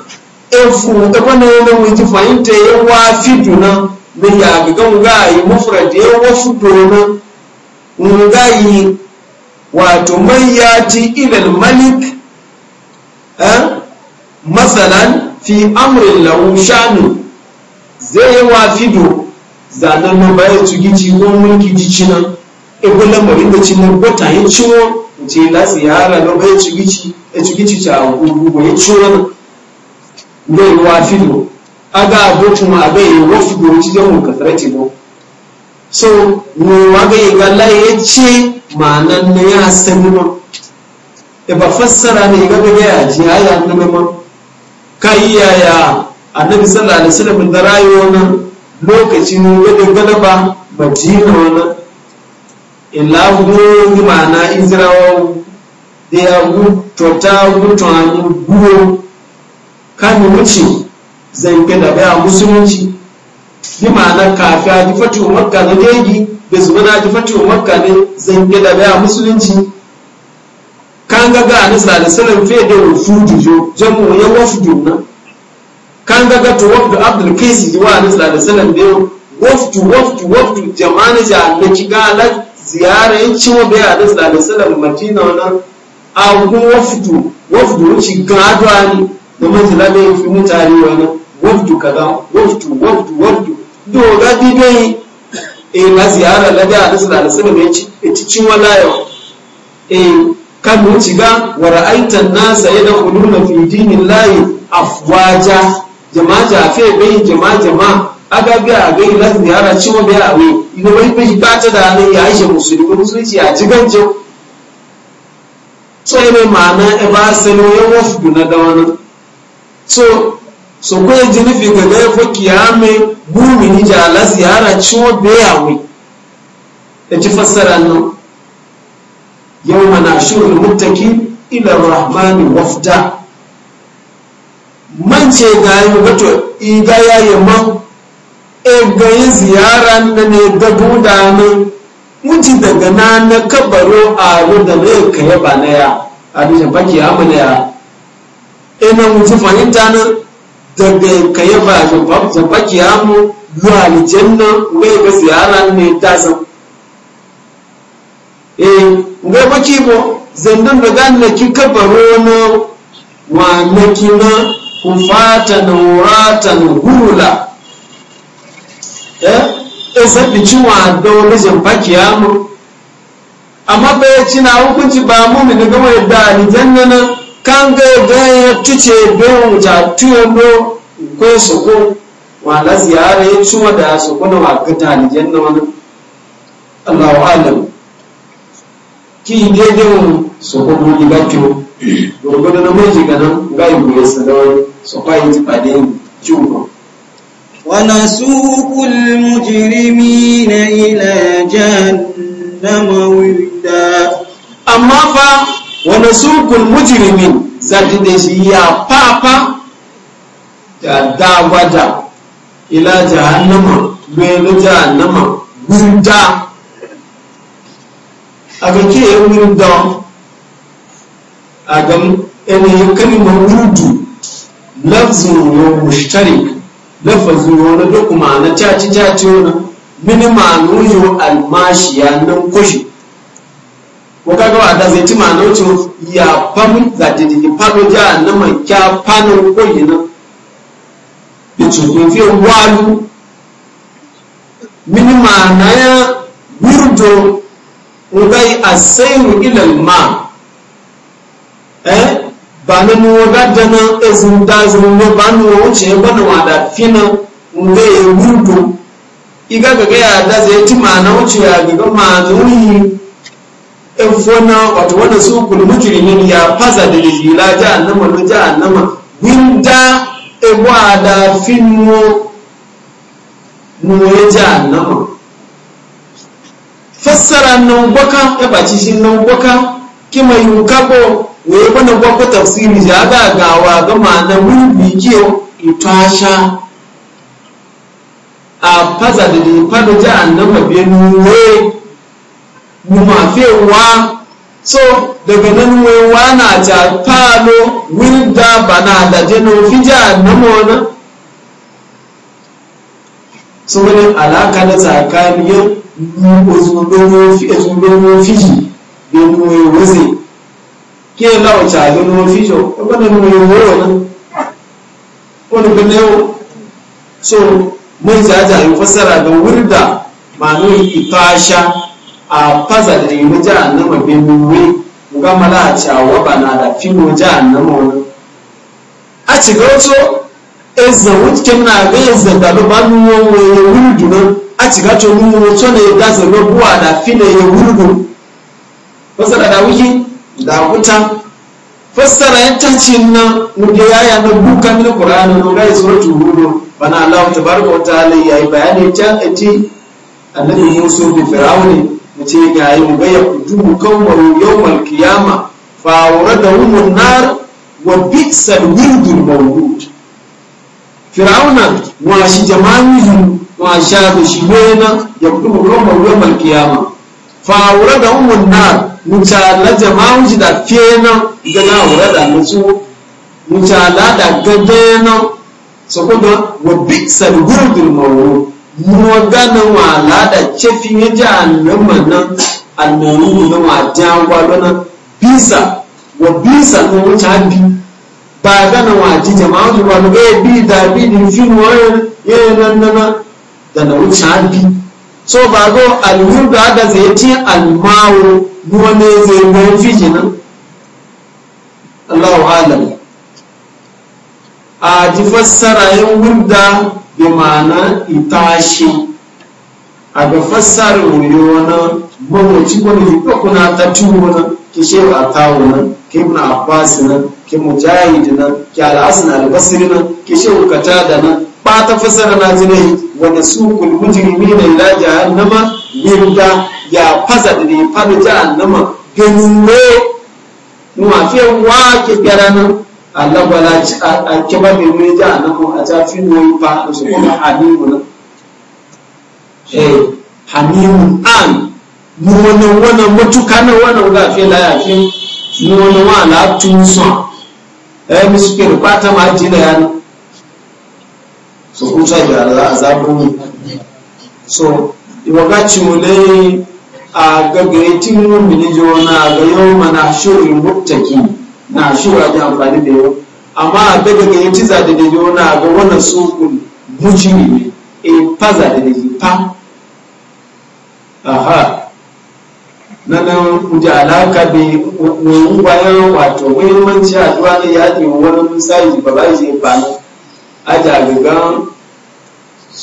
efu ebe na yana wuji fahimta ya wa fidu na na ya gaga nga yi mufrad ya wa fidu na nga yi wato mai ya ti malik eh, masalan fi amrin lahu shanu zai yi wa fidu zanen na bayan tugici ko mulki jicina ebola marinda china bota ya ciwo je la ziyara no bai cigici e cigici ta gugu bai ciwo ne wa filo aga abotu ma aga yi wafi go ci da mun kasarati so mu waga yi galla ya ce ma'anan ne ya sani ma e ba fassara ne ga ga ya ji aya na Ka yi yaya annabi sallallahu alaihi wasallam da rayuwa nan lokacin da galaba madina wannan ilahudu mana izrawo da ya gutota gutuwanu guwo kan wuce zanke da baya musulunci bi ma'ana a jifatu makka na daigi da zuwa na jifatu makka ne zanke da baya musulunci kan gaga a nisa da sanar fiye da rufu jujo jamu ya wafi duna kan gaga to wafi abdul kaisi jiwa a nisa da sanar da waftu waftu waftu jama'a na ja na ziyara yin cewa bai a dasa da salam makina wani agun wafdu wafdu wuce gaduwa ne da manzila da ya fi mutane wani wafdu kaza wafdu wafdu wafdu doga bibiyayi e eh, na ziyara na da nasu da salam ya ci ciwo layo e kan wuce ga wara aitan nasa ya da kuluna fi dinin layi afwaja jama'a jafe bai jama'a jama'a aka bi a gai na ziyara ciwo bai abu ina wani bai ba ta da hannun ya aisha musulmi musulunci a jiganjo so ya mai ma'ana ya ba sani ya wafu na da wani so so ko ya ji nufi ga gaya fa kiyame ni ja la ziyara ciwo bai abu da ji fassara nan yau mana shirin mutaki ila rahmani wafda man ce ga yi wato iga ya yi man egayi ziyara na ne da buda ne muji daga na na kabaro a da ne kaya ba na ya a da baki ya mu ya ina muji fahimta na daga ka yaba a baki ya mu zuwa aljanna wai ga ziyara ne ta san eh ga baki bo zandan da gani na ki kabaro na wa na kina kufatan na hula Eh? eh sabbi cinwa da wani jamfaki ya mu amma bai ci na hukunci ba mu mi daga mai da ni jannana kan ga ga ya tuce bin wuta tuyo do ko su ko wala ziyara ya ciwa da su ko na wa ga ta ni jannana Allahu alam ki mu su ko mu ga kiwo gurgudu na mai jiga nan ga yi mu yasa da su ko yi fadin ciwo ونسوق المجرمين إلى جهنم وردا أما فا ونسوق المجرمين ذات دشيا بابا دعوة إلى جهنم لوين جهنم وردا أبكي وردا أجم أن يكلم ورد لفظ مشترك lafazin wani duk na caci caci wani mini ma'anu almashi ya nan kushi ko kaga wa da zai ci ma'ana wuce ya famu za ta jiki fado ja na mai kya fano kogi na da cikin fiye walu mini ma'ana ya wurdo a sayin ilal ma eh ba na mu ga da nan ezin da zun ne ba mu wuce ba na wada fina nde ya gudu iga ga ya da zai ti ma na wuce ya ga ma na wuri efona wato wanda su kul mujrimin ya faza da jila jahannama no jahannama winda ewa da e finmo mu ya jahannama fassara nan gwakan ya e baci shi nan gwakan kima yi yukako webona kwako tafsiri zagagawa ga ma'ana wibikiyo itasha a faza da fado ji annaba benu we mumafewa so daga nan wewa na ta falo wilda bana da jino fi ji annaba wani so wani alaka na tsakaniyar mu ozun dogo fi ozun dogo fiji domin mai wuzi ke lawa cagin mafi jau wani mai wuro nan wani bin yau so mu jaja yi fassara da wurda ma'anin ifasha a faza da yi maja annama bin wuri gamala a cawa ba na da fi maja annama wani a ciga wato ezan wutkin ezan a ne ya da fi ya wurdu fasara da wuki da wuta fassara ya tace na muda yaya na buka mil qur'ani no gai suratul hud bana allah tabaraka wa ta'ala yayi bayani can ati annabi musa bi fir'auni mace ga yi mu mugaya kutubu kawai yawmal qiyama fa awradahum an-nar wa bi'sal wirdul mawlud fir'auna wa shi jama'u wa sha da shi wena ya kutubu kawai yawmal qiyama fawura da umun na mucala jama'u ji da kenan gana wura da nutsu mucala da gadena so ko da wa bisal gurdul mawru mu gana wala da cefin ya ji annama nan annaru na wa jangwa lana bisa wa bisa wuce mucadi ba gana wa ji jama'u ji ba ga eh, bi da bi din fi mu yana eh, eh, nan da na wuce mucadi so ba go da haka zai ci almawo ruwa ne zai mai fiji nan Allahu alam a ti fassara yin wurda bi ma'ana itashi a ga fassara wuri wani gwamnati wani ko kuna ta tuwo nan ki ba a tawo nan ki muna abbas nan ki mujahidi nan ki al albasiri al nan ki shehu da nan bata fasara na jinai su sukul mujirimi na ila jahannama yadda ya fasa da ne fada jahannama ganin ne mafi wa ke gara nan Allah ci a kiba mai mai jahannama a tafi noyi fa da su kuma hamimu nan eh hamimu an mu wani wani matuka na wani ga gafe layafi mu wani wani latun son eh miskir kwata ma jina so kun sa gyara za a mu so wakati mu dai a gagaitin mu ne je wani a ga yau mana shirin mutaki na shirin ji amfani da yau amma a daga gaitin za da je wani a ga wani sukun buci ne e za da da pa aha na nan kuje alaka bi wani bayan wato muhimmanci a duwa da yaƙi wani misali ba ba shi ba ne a jagagan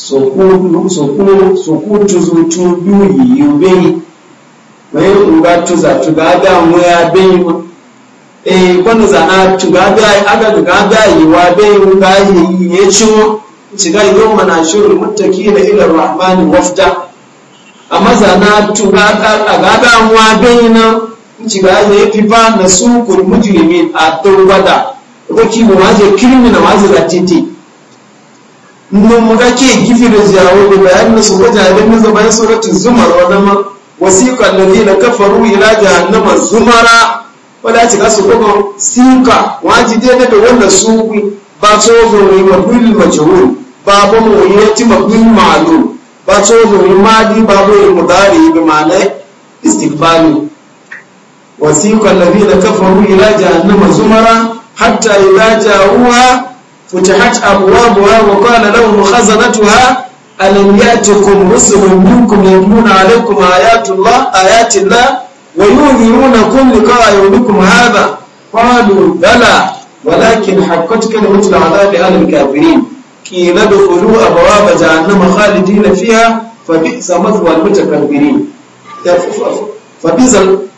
sokutu zutu biyu yiwu beyi bayan uga tuza tuga da nwaya beyi ma E! kwanu zana tuga da aga tuga da yiwa beyi uga yi ya ci mu shiga yau mana shirin mutaki da ila rahmani wafta amma zana tuga aga da nwa beyi na shiga ya fi ba na sukul mujrimin a tawada ko kibo ma je na ma je zatiti nan muka ke gifi da jawo da bayan da su ga jahilin nasa bayan suratun zumar wadda ma wasiƙa da zai na kafaru ila jahannama zumara wadda ci kasu kuma sika waji dai da wanda su ba so zo ne mabul majhul ba ba mu yi ti mabul ba so zo ne madi ba ba yi mudari bi ma'ana istiqbalu wasiƙa da na kafaru ila jahannama zumara hatta ila jawuha فتحت أبوابها وقال لهم خزنتها ألم يأتكم رسل منكم يبنون عليكم آيات الله آيات الله وينذرونكم لقاء يومكم هذا قالوا بلى ولكن حقت كلمة العذاب على الكافرين قيل ادخلوا أبواب جهنم خالدين فيها فبئس مثوى المتكبرين فبئس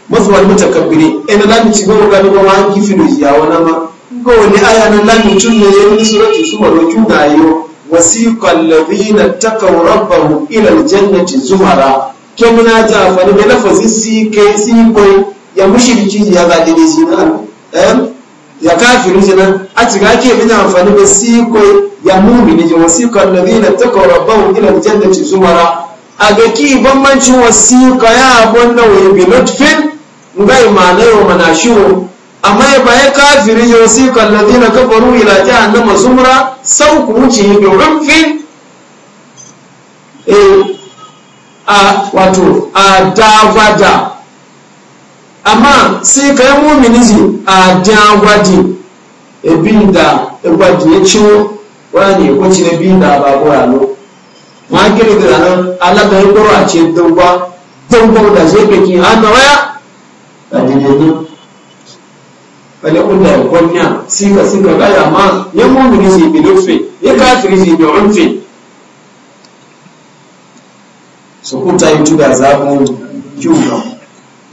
مثوى المتكبرين إن لم تكونوا قالوا ما أنكفلوا يا ونما kowane aya na nan mutum ne ya yi suratu su maro kyuga yo wasiqal ladina taqaw rabbahum ila jannati zumara ke muna fani be lafazi si ke si ko ya mushriki ya zaɗi dele shi na eh ya kafiru shi na a cika ke bin amfani be si ko ya mu'mini je wasiqal ladina taqaw rabbahum ila jannati zumara a ga ki bambancin wasiqa ya abun nawaye bi lutfin ngai ma na yau mana shiwo amma ya baya kafirin ya wasi kallazi na kafaru ila jahannama zumra sau ku wuce bi rumfin eh, a wato a davada amma sai ka yi mumini ji a davadi ebin da egwaji ya ciwo wani ne kwanci na biyu da babu rano ma kiri da ranar alaga ya gwaro a ce dangwa dangwa da zai baki a na waya a dindindin falakuta gwamna sika sika gaya ma ya mumini shi bi lutfi ya kafiri shi bi unfi su ta yi tuga zaɓin kyuga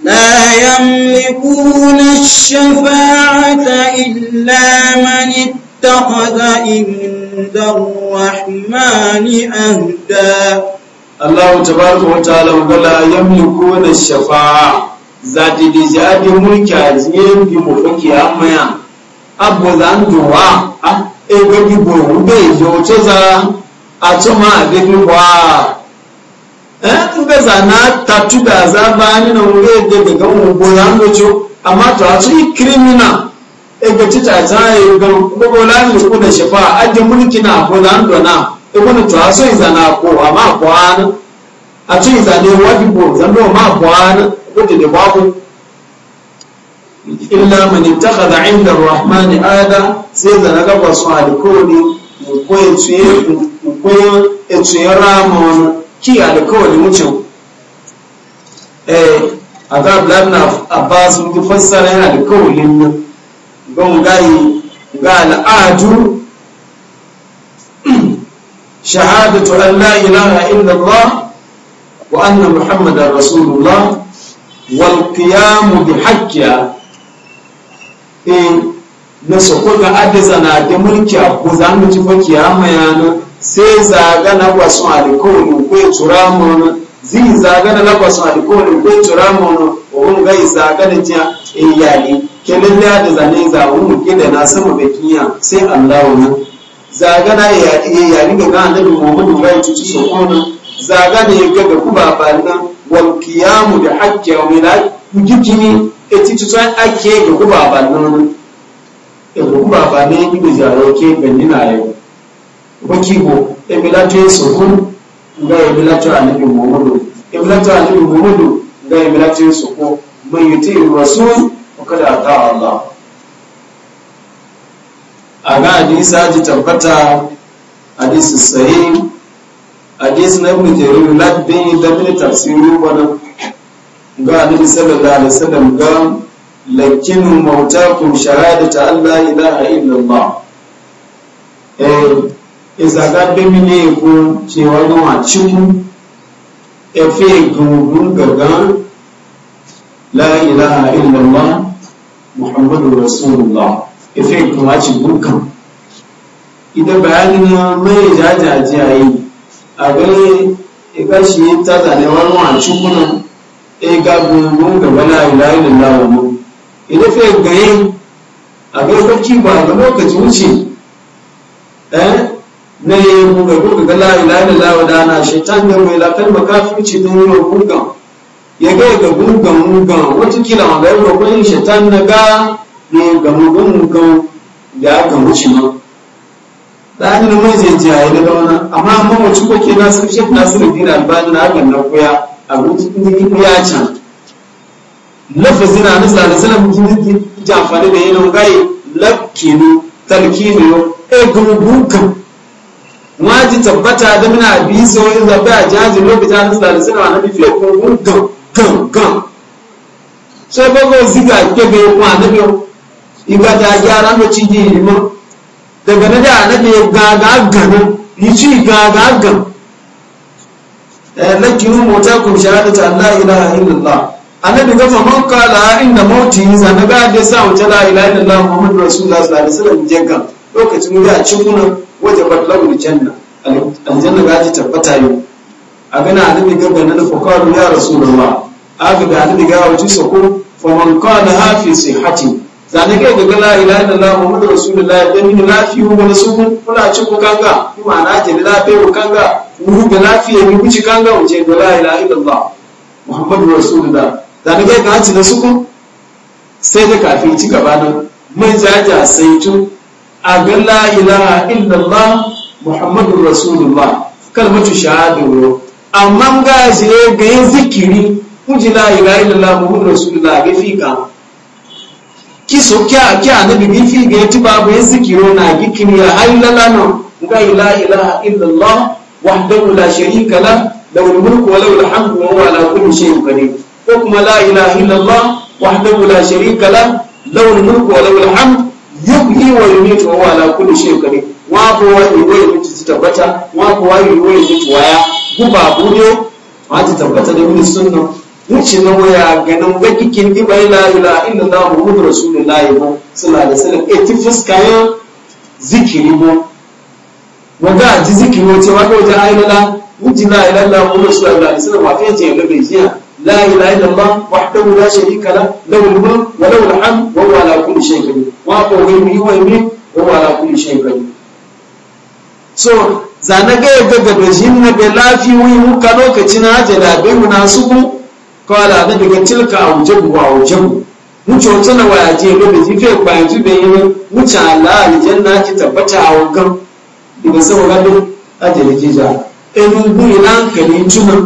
لا يملكون الشفاعة إلا من اتخذ عند الرحمن أهدا الله تبارك وتعالى ولا يملكون الشفاعة zadidi jadi mulka jiye bi mo foki amaya abo za nduwa a ebe bi bo ube yo a atoma ade bi wa eh nbe za na tatu da za ba ni na nge de de ga mo bo yan lo cho amma to atu criminal ebe tita za yi ga gogo la ni ko da shafa ade mulki na ko za ndona e ko to aso izana ko amma ko ana atu izane wajibu zando ma bwana wote ne babu illa man ittakhadha 'inda ar ada sai zana ga ba su alkawli ko yace ko yace ramon ki alkawli mutum eh azab lamna abbas mun fassara yana alkawlin nan gon gai ga al'adu shahadatu an la ilaha illa allah وأن محمد رسول الله والقيام بحقها إن نسقط أدزنا دملكا بزان تفكيا ميانا sai zaga na kwasu alikoli kwe tura mana zai zaga na kwasu alikoli kwe tura mana ohun da iyali kelin da da zane zawo mu ke da na sama da kiya sai Allah wannan zaga na iyali ga ga annabi Muhammadu gai tuci sokona zagane ne da ga kuba bana wal qiyamu da hajji wa milad mujikini eti tutan ake ga kuma bana e ga kuba bana ni be zaro ke ganni na yau waki go e milato sokun ga e milato annabi muhammadu e milato annabi muhammadu ga e milato sokun man yuti rasul wa kada ta allah a ga hadisa ji tabbata hadisi sahih hadisi na ibn jarir la bin da bin tafsiru bana ga annabi sallallahu alaihi wasallam ga lakinu mautakum shahadata alla ilaha illallah eh isa ga bin ne ko cewa ga wa cikin efe gungun gaga la ilaha illallah muhammadu rasulullah efe kuma ci bukan ida bayanin mai jajaje a yi abin ikashi ta zane wani wancu kuna e ga gungun gaba na ilayi da lawamu idan fe gaye abin kwanci ba ga lokaci wuce eh na yi mu ga gungun gaba na ilayi da lawamu da na shaitan da mai lafiyar makafirci don yi wa gungun ya ga ga gungun gungun watakila ma ga yi wa gungun shaitan na ga ne ga gungun gungun da aka wuce ma ɗani na mai zai yi da wani amma amma wacce ko ke nasu shek nasu da dina albani na hakan na kuya a gudun kuya can lafazi na nasa da sanar mutum ji amfani da yanar gaye lakkinu talkinu yau e gungunkan waji tabbata da muna biyu sauyin zaɓe a jajin lokacin nasa da sanar na bifiya gungunkan gan gan sai bago ziga kebe kuma na biyu igba ta gyara mace ji limon daga na da annabi ya gaga gano yi ci gaga gano eh, lakiru mota ku shahadata Allah ilaha illallah annabi ga fa man qala inda mauti za na ga da sa wuta la ilaha illallah da rasulullah sallallahu alaihi wasallam jenga lokacin da ci kuna waje da janna aljanna ga ji tabbata yau a gana annabi ga bana na fa qala ya rasulullah aga da annabi ga wuce sako fa man qala ha fi sihhati zane kai ga gala ila ila la muhammadu rasulullah da ni lafi hu wala su kuna ci ku kanga ni ma na da lafi hu kanga mu ga lafiya ya ku ci kanga mu ce gala ila ila allah muhammadu rasulullah zane kai ga ci da su ku sai da kafin ci gaba nan mun jaja sai tu a ga la ilaha illa allah muhammadu rasulullah kalmatu shahadu amma ga je ga zikiri mu ji la ilaha illa allah muhammadu rasulullah ga fi kanga kiso kya kya na bi fi ga ti babu ya zikiro na gikiri ya hailala no ga ila ilaha illallah wahdahu la sharika la lahu mulku wa lahu alhamdu wa huwa ala kulli shay'in qadir ko kuma la ilaha illallah wahdahu la sharika la lahu mulku wa lahu alhamdu yuhyi wa yumitu wa huwa ala kulli shay'in qadir wa ko wa yuwe mutu tabbata wa ko wa yuwe mutu waya guba buriyo wa ta tabbata da mun sunna wuce na waya ganin bakikin ɗiba ila ila inda za mu mutu rasulun layi ba suna da sanin fuskayen zikiri ba wanda ji zikiri wace wata wata ayyana wuce na ila rasulun layi suna jiya ma so zana ga yadda da bajin na da lafi wuyi muka lokacin hajjada mu na suku kọ́lá níbi kan tílkà àwùjẹ́bù àwùjẹ́bù mucho waya wayaje lobe ji fe kwa yanzu be yi mucha la aljanna ki tabbata a wankan daga sau gado a da yake ja enu bu ila hankali tuma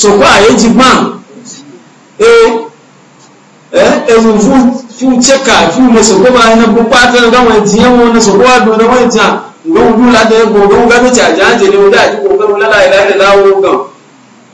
so kwa yaji ma eh eh enu fu fu cheka fu ne so ba na bu pata na gawa jiya mo na so ko na wa ja ngom dula da go go ga ta ja ja je ne da ko ga la ila ila wo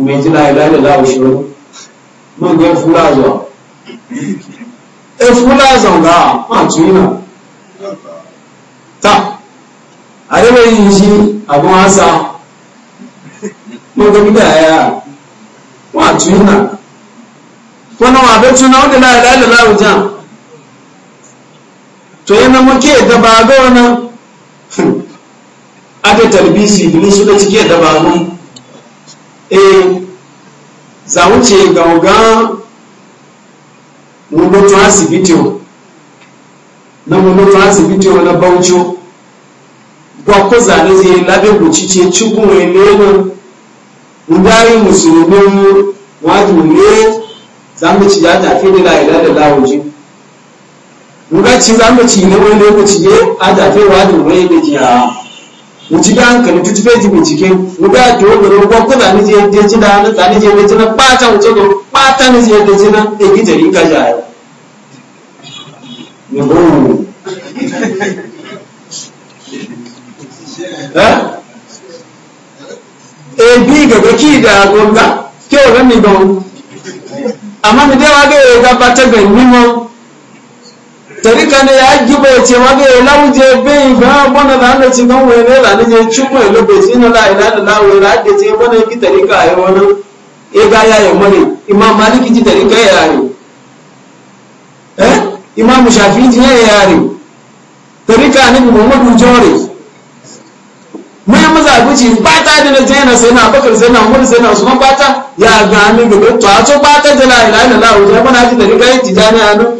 mai ji la ilaha illallah shi wani mun ga fula zuwa e fula zanga ma na ta arebe yin shi abun hasa mun ga bidaya ma tuna wannan wa bai tuna wanda la ilaha illallah jan to yana muke da ba ga wannan ada talbisi iblis da cike da ba eh za wuce ga oga mutu asibiti na mutu asibiti na bauchi ba ko zane zai labe guci ce cikin wani ndari musulmi waju ne zamu ci ya tafi da la ilaha illallah wuji muga ci zamu ci ne wani lokaci ne a tafi waju ne da jiya mu ci da hankali tu tufe ji bincike mu ga ki wanda ne ni je je ji na tsani bata mu ce ko bata ni je da ji na e ni ka jayo ne ko ha e bi ga ga ki da gonga ke amma mu dai wa ga ya e bata ga ni tarika ne ya giba ya ce wani ya lauje bai ba bana da hannun cin kan wani ne da nije cin mai lobe shi na la'ila da la'awai da hake ce bana ya ki tarika a yi wani ya e, ga ya yi mani imam maliki ji tarika ya yare eh imam shafi ji ya yare tarika ne bi muhammadu jore mai maza guci bata da na jena sai na bakar sai na umar sai na usman bata ya ga ni ga to a to bata da la'ila da la'awai bana ji tarika ya ji jani a nan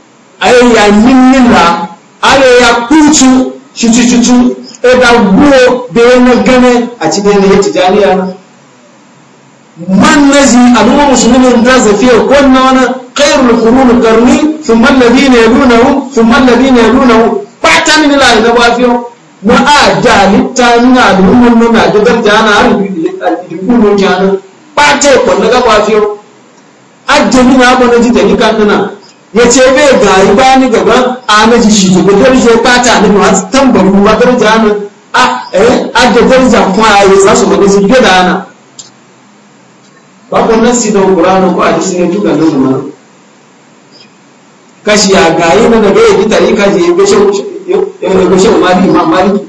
aye ya ninnila aye ya kucu cucucucu eda guo bere na gane a cikin da ya ci Man na man nazi al'umma musulmin da zafiya ko na wani khairul qurun qarni thumma alladhina yalunahu thumma alladhina yalunahu fata min la ila wafiyo na a jalita min al'umma mun na da jana har al'umma jana fata ko na ga wafiyo ajjami na abana ji da nikan nana ya ce bai gayi bani gaban amaji shi to ko daraja ba ta ne ma tambaru ba daraja ne a eh a da daraja kuma ayi za su magana su gida ana ba ko nan si da qur'ani ko hadisi ne duka nan ma kashi ya gayi na daga yi tari kaji ya shi ya ga shi umari imam malik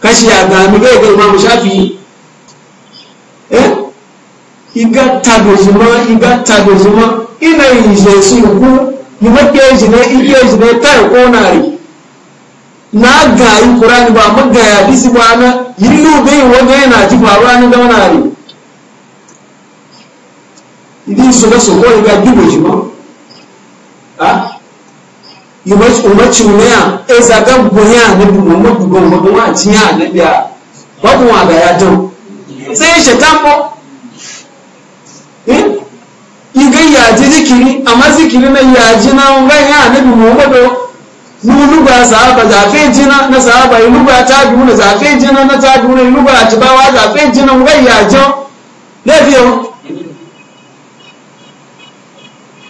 kashi ya ga mi ga imam shafi eh iga ta tagozuma iga ta tagozuma ina yi je su ku yi makke ji ne ike ji ta ko na ri na ga yi qur'ani ba mu ga ya bisi ba na yillu yi wanda yana ji faruwa ni da na ri idi su da so ko ga dubo ji ma ha yi ba su ma ci ne ya e za ga boya ne bu mu bu go mu wa ci ya ne biya ba ku wa ga ya to sai shetan mo eh zikiri amma zikiri na yaji na ran ya annabi muhammadu luluba sahaba zafe jina na sahaba luba ta duna zafe jina na ta duna luba atibawa zafe jina ran yajo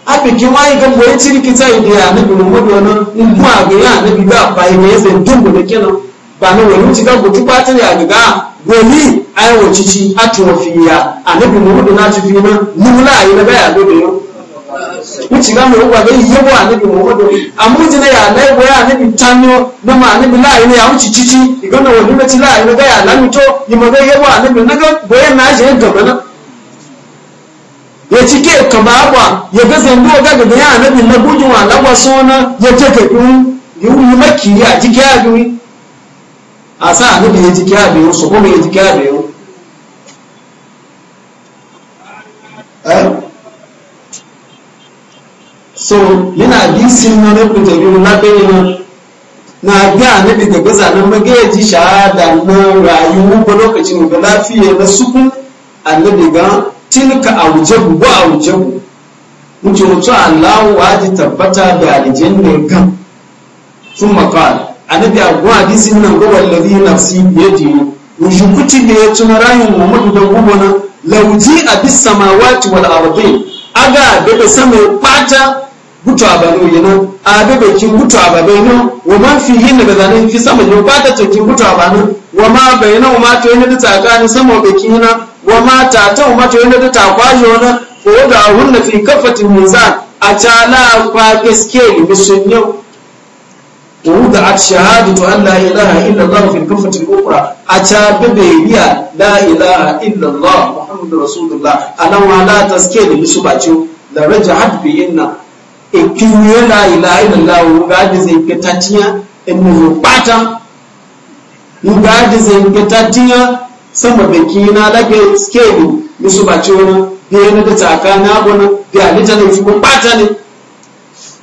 a bikin wani kan boye ciriki ta yi biya annabi muhammadu wani in kuma ga ya annabi ba ba yi mai zai dubu da kina ba na wani ci kan kutu fatin ya gaga goli ayo cici a tuwa fiya annabi muhammadu na ci fi na nuna a yi na baya gobe yau wuce ga mai ruwa bai yabo annabi muhammadu amuji na ya lai boya annabi tanyo na ma annabi la ina ya wuce cici iga na wani mace la ina ga ya lamito yi ma zai yabo annabi na ga boya na ajiye gaba na ya cike kama abuwa ya ga zandu ga gaba ya annabi na gujin wa lagwa sona ya ce ka yi yi maki ya jike ya biyu a sa annabi ya jike ya biyu su kuma ya jike ya so yana hadisin na rabin biyu na bai na ga na daga gaza na magaji shahada na rayuwa ba lokacin ga lafiya na suku annabi ga tilka aujabu wa aujabu muke mutu Allah wa ji tabbata da aljanna kan sun makala annabi a gwa hadisin nan ga wallazi nafsi yadi wujukuti da ya tuna rayun Muhammadu da gubana lauji a bis samawati wal ardi aga daga sama ya fata gutu abano yana abe be kin gutu abano no wa ma fi hinna be zanin fi sama no ba ta kin gutu abano wa ma bayna wa ma to yana da tsakani sama be kin yana wa ma ta ta ma to da takwajo na ko da hunna fi kafatin mizan a cala kwa gaske musulmi ووضعت شهادة أن لا إله إلا الله في الكفة الأخرى أتى ببيبيا لا إله إلا الله محمد رسول الله أنا ولا تسكين بسبعته لرجعت بإنا ekiwe la ilaha illallah ugaje zinketatia enu pata ugaje zinketatia sama bekina daga skeli musu ba ciwon biya na da tsaka na gona biya lita da fi kun bata ne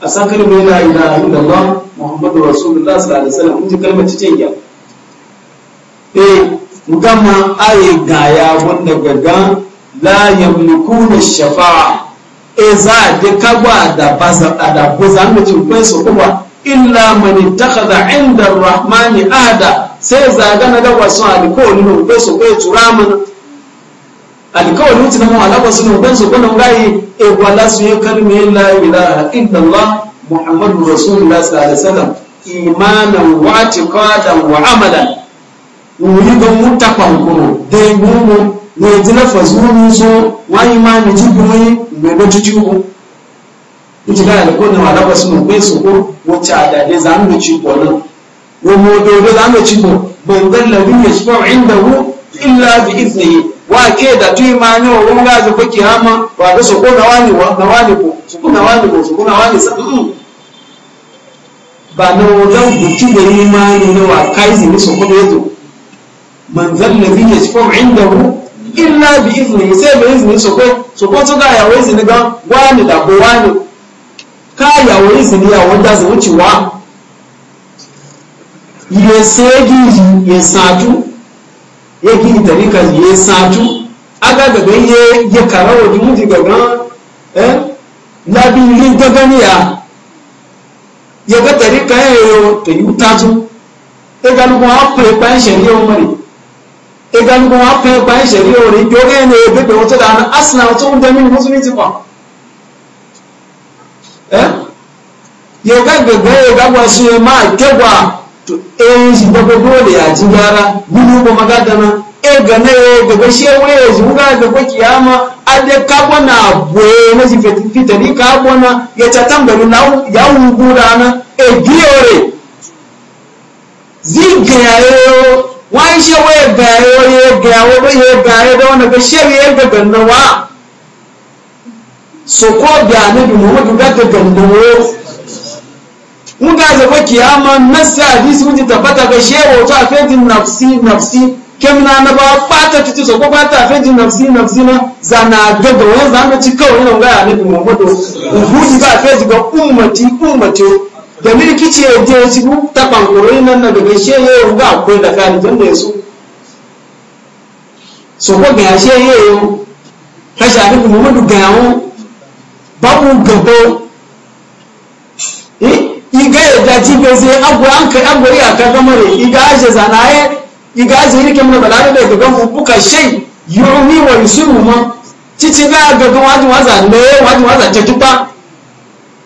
a san kalmar la ilaha illallah muhammadu rasulullah sallallahu alaihi wasallam inji kalmar ta canja eh mugamma ayi gaya wanda gaga la yamlikuna shafa'a eza de kagwa adabaza adabuza mace kwenso kuma illa man ittakhadha inda arrahmani ahda sai zaga na gaba sun alkawari ne kwenso kai turamun alkawari mutu da mawala ba sun kwenso kuna ngai e wala su yi kalmi la ilaha illa allah muhammadu rasulullah sallallahu alaihi wasallam imanan wa atiqadan wa amalan wuri ga mutakwan kuma dai mu yanzu na fasuru so wani ma ni ji mai ba juju ko ita ga da kodin wala ba su mu su ko wacce a dade za mu ci ko nan ko mu dogo za mu ci ko ban dalla illa bi iznihi wa ke da tu ma wa mun ga zuwa kiyama wa da su na wani na ko na wani ko na wani ba na wajen buki da na wa da illa bi izini sai bi izini sokwe sokwe to ga yawo izini ga wani da ko wani ka yawo izini yawo da zuci wa ye segi ye saju ye ki tarika ye saju aga ga ga karawo di muji ga ga eh na bi ri yo to yutaju e ga lu ko idan kuma haka bayan shari'a wani gyoge ne ya bebe wata da ana asina wata wanda mini musulunci ba ya ga gaga ya ga wasu ya ma kegwa to eh shi daga dole ya ji gara gudu ba magadana eh ga na ya gaga shi ya wuya shi wuga ga kwa kiyama ade kabona bwe na shi fitari kabona ya tatambaru na ya wugura na eh giyore zigayayo wọ́n ṣe wọ́n ẹgbẹ́ orí ẹgbẹ́ àwọn olóyè ẹgbẹ́ àrẹ́dọ́ wọn nàgbẹ́ ṣé rí ẹgbẹ́ gbẹ̀ndọ̀ wá sòkó ọ̀bẹ àníbi mọ̀mọ́ tó gbẹ́gbẹ́ gbẹ̀ndọ̀ wó wọ́n ká ṣe pé kì na mọ mẹ́sẹ̀ àdísí wọ́n ti tàbátà bẹ ṣé wọ́n tó àfẹ́jì nàfsí nàfsí kẹ́mínà anábà pátá tuntun sòkó pátá àfẹ́jì nàfsí nàfsí náà zànà àgbẹ̀gbẹ̀ wọ́n zànà ti kọ́ òun náà da milkici ya je ci ta bankuri nan na daga shi ya yi akwai da kani don da ya so so ko ga shi ya yi ga yawon babu eh, iga ya bai an kai iga aje zanaye iga aje da buka shai wa ma cici ga wajen waza ne wajen waza ta tuba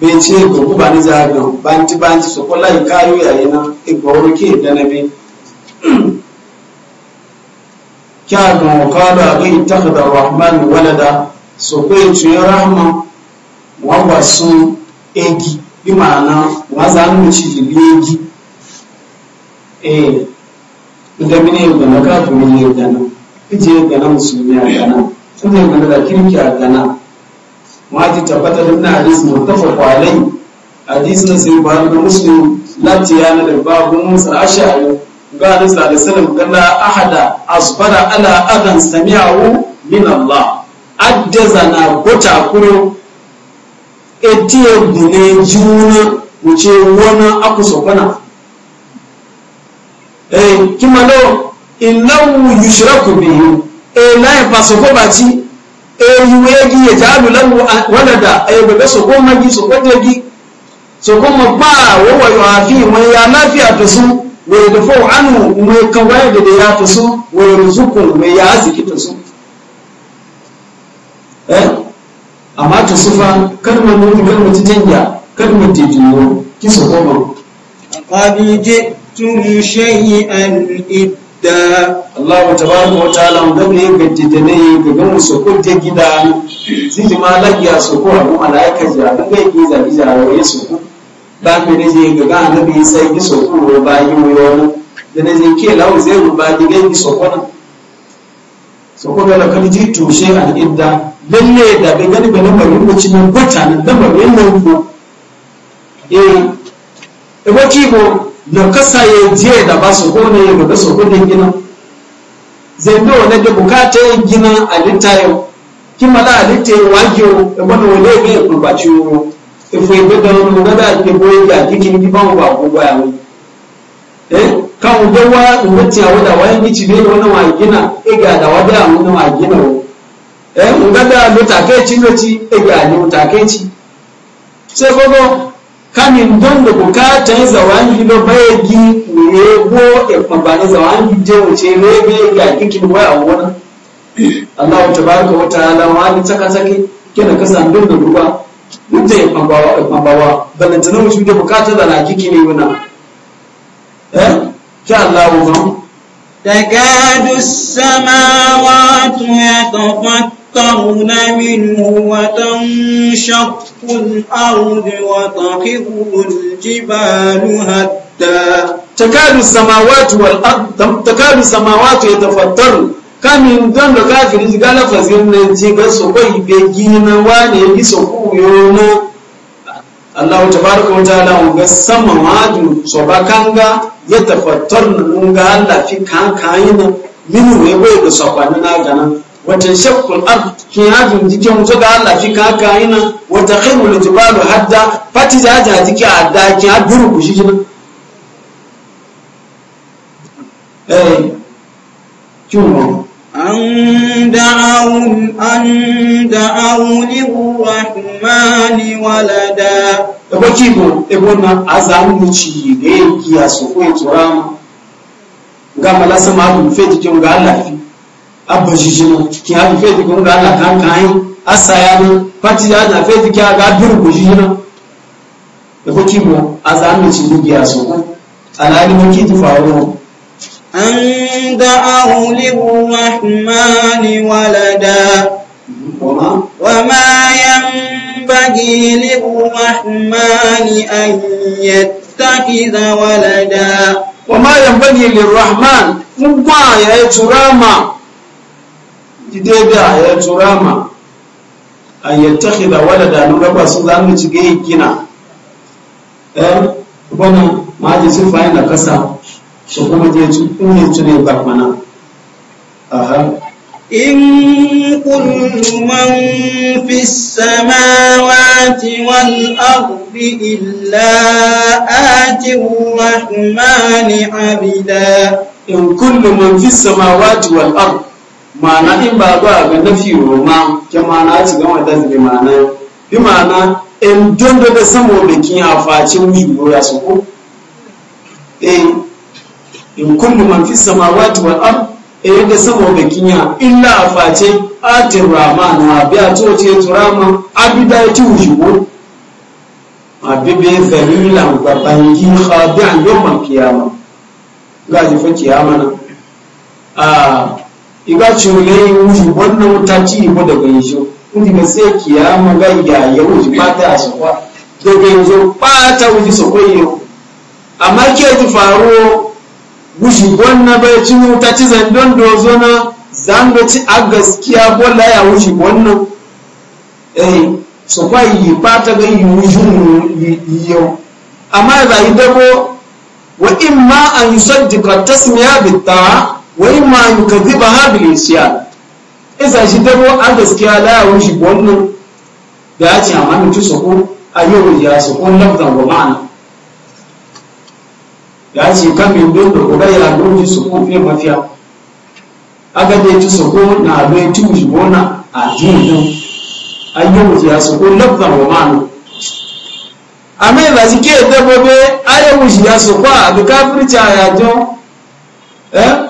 bai ce ga ku ba ni zagan banci banci su kula yi kayo yayi na igba wani ke da na bi kyakan wakala bai takada rahman walada su kai cuyin rahman wawa su egi bi ma'ana waza mu ci jili egi eh da mini yau gana kafin yau gana ije gana musulmi a gana ije gana da kirki a gana wájú tabbatar da na hadisi mutafa kwalai hadisi na sai ba da muslim lati na da babu musa ashari ga hadisi da sallam kana ahada asbara ala adan sami'ahu min allah addaza na gota kuro etiye gune juna mu ce wani aku sokana eh kima lo innahu yushraku bihi e la eyu yegi ya jalu lahu walada ayo bebe so ko magi so ko degi so ko ma ba wa wa yafi ya lafiya to su wa yadfu anhu mai kawai da ya to su wa yarzuqu mai ya aziki to su eh amma to sufa kalmar mun kalmar tijanja kalmar tijiyo kiso ko ba qad ji'tum shay'an da Allah wa ba ko ta gaji da ne ga tijane ga gan su ko te gida zai ma lagiya su ko abu malaika ja ga kai ki za ki jaro ya su ko ba me ne je ga ga annabi sai ki su ko ba yi yo da ne ki ke lawo zai ru ba diga ki su ko na su ko da kan ji to she an idda lalle da ga gani ban nan bari mu ci nan gota nan da bari mu ko eh e ko ki ko na kasa ya je da ba su kone ya gaba su kudin gina zai bi wane da bukata ya gina a littayo kima da halitta ya wage wani wani ne ya kurbaci wuro ifo ibe da wani gada ke boye ga gikin giban ba ko baya wani eh kan ube wa umati awo da wani gici ne wani wa gina iga da wani a wani wa gina wo eh ngada lo takeci lo ci iga ni takeci sai gogo kamin ndongo da bukata ya zawangi do bayagi ya go e wangi zawangi je wuce ne be ga kikin Allah tabaraka wa ta'ala wani taka take kina kasan don da ruwa mutum ya pambawa ya bana balantana mutum da bukata da na kiki ne wona eh ki Allah wa تكاد ya يتفطر تمطرن منه وتنشق الأرض وتخر الجبال هدا تكاد السماوات والأرض تكاد السماوات يتفطرن kamin don da kafin ga nan ji ga su bai begi na wane bi su kuyo Allah ta baraka wa ta'ala ga sama madu so ba ya tafattar nan ga Allah fi kan kayi na bai da sakwani na ganan Wata shakkul ard kin yajin jikin su ga Allah fi ka ka ina wata khairul jibalu hadda fati jaja jiki adda ki aduru ku shi jina eh kuma an da'u an da'u lirrahmani walada da baki ko e wannan azamu ci ne yaki ya so ko tsora ga malasa ma dun fe jikin ga Allah fi abba jijino ki ha fe ko ga Allah kan kan asa ya ni pati ya na fe ki ga duru ko jijino Da ko ti azan ni ci ni ya so ko ki ti fa wo an walada وما ينبغي للرحمن أن يتخذ ولدا وما ينبغي للرحمن مبايا يترامى ti daidai a ya turama a yattakhidha walada nu raba su za mu cige gina eh wannan ma su fayin da kasa su kuma je su kunne su ne barmana aha in kullu man fi samawati wal ardi illa ati rahmani abida in kullu man fi samawati wal ardi ma'ana in ba ba ga nafi roma ke ma'ana ci gama da zai ma'ana bi ma'ana in don da da samo da kin ya facin wiwo ya su ko eh in kullu man fi samawati wal ard eh da samu da kin ya illa face atir rahman wa biya to ce turama abida ti wujugo bangi zarila babangi khadi'an yawmal qiyamah ga ji fa kiyama na ah iga cule wuji wannan wuta ci ko daga yanzu inda ga sai kiyama ga ya ya wuji ba ta sokwa daga yanzu ba ta wuji sokwai yau amma ke ji faro wuji wannan bai ci wuta ci zandon dozo na zango ci a gaskiya bola ya wuji wannan eh sokwai yi ba ta ga yi wuji yau amma da yi dabo wa imma an yusaddika tasmiya bitta'a wai ma yi ka ziba habilin shi dabo a gaskiya layawun shi wannan da ya ce amma mutu su a yau ya su lafzan wa ma'ana ya ce da kuma ya fiye mafiya aka dai ci na bai ci shi wannan a jinin a yau ya su lafzan wa ma'ana amma yanzu shi ke dabobe a yau ya su a eh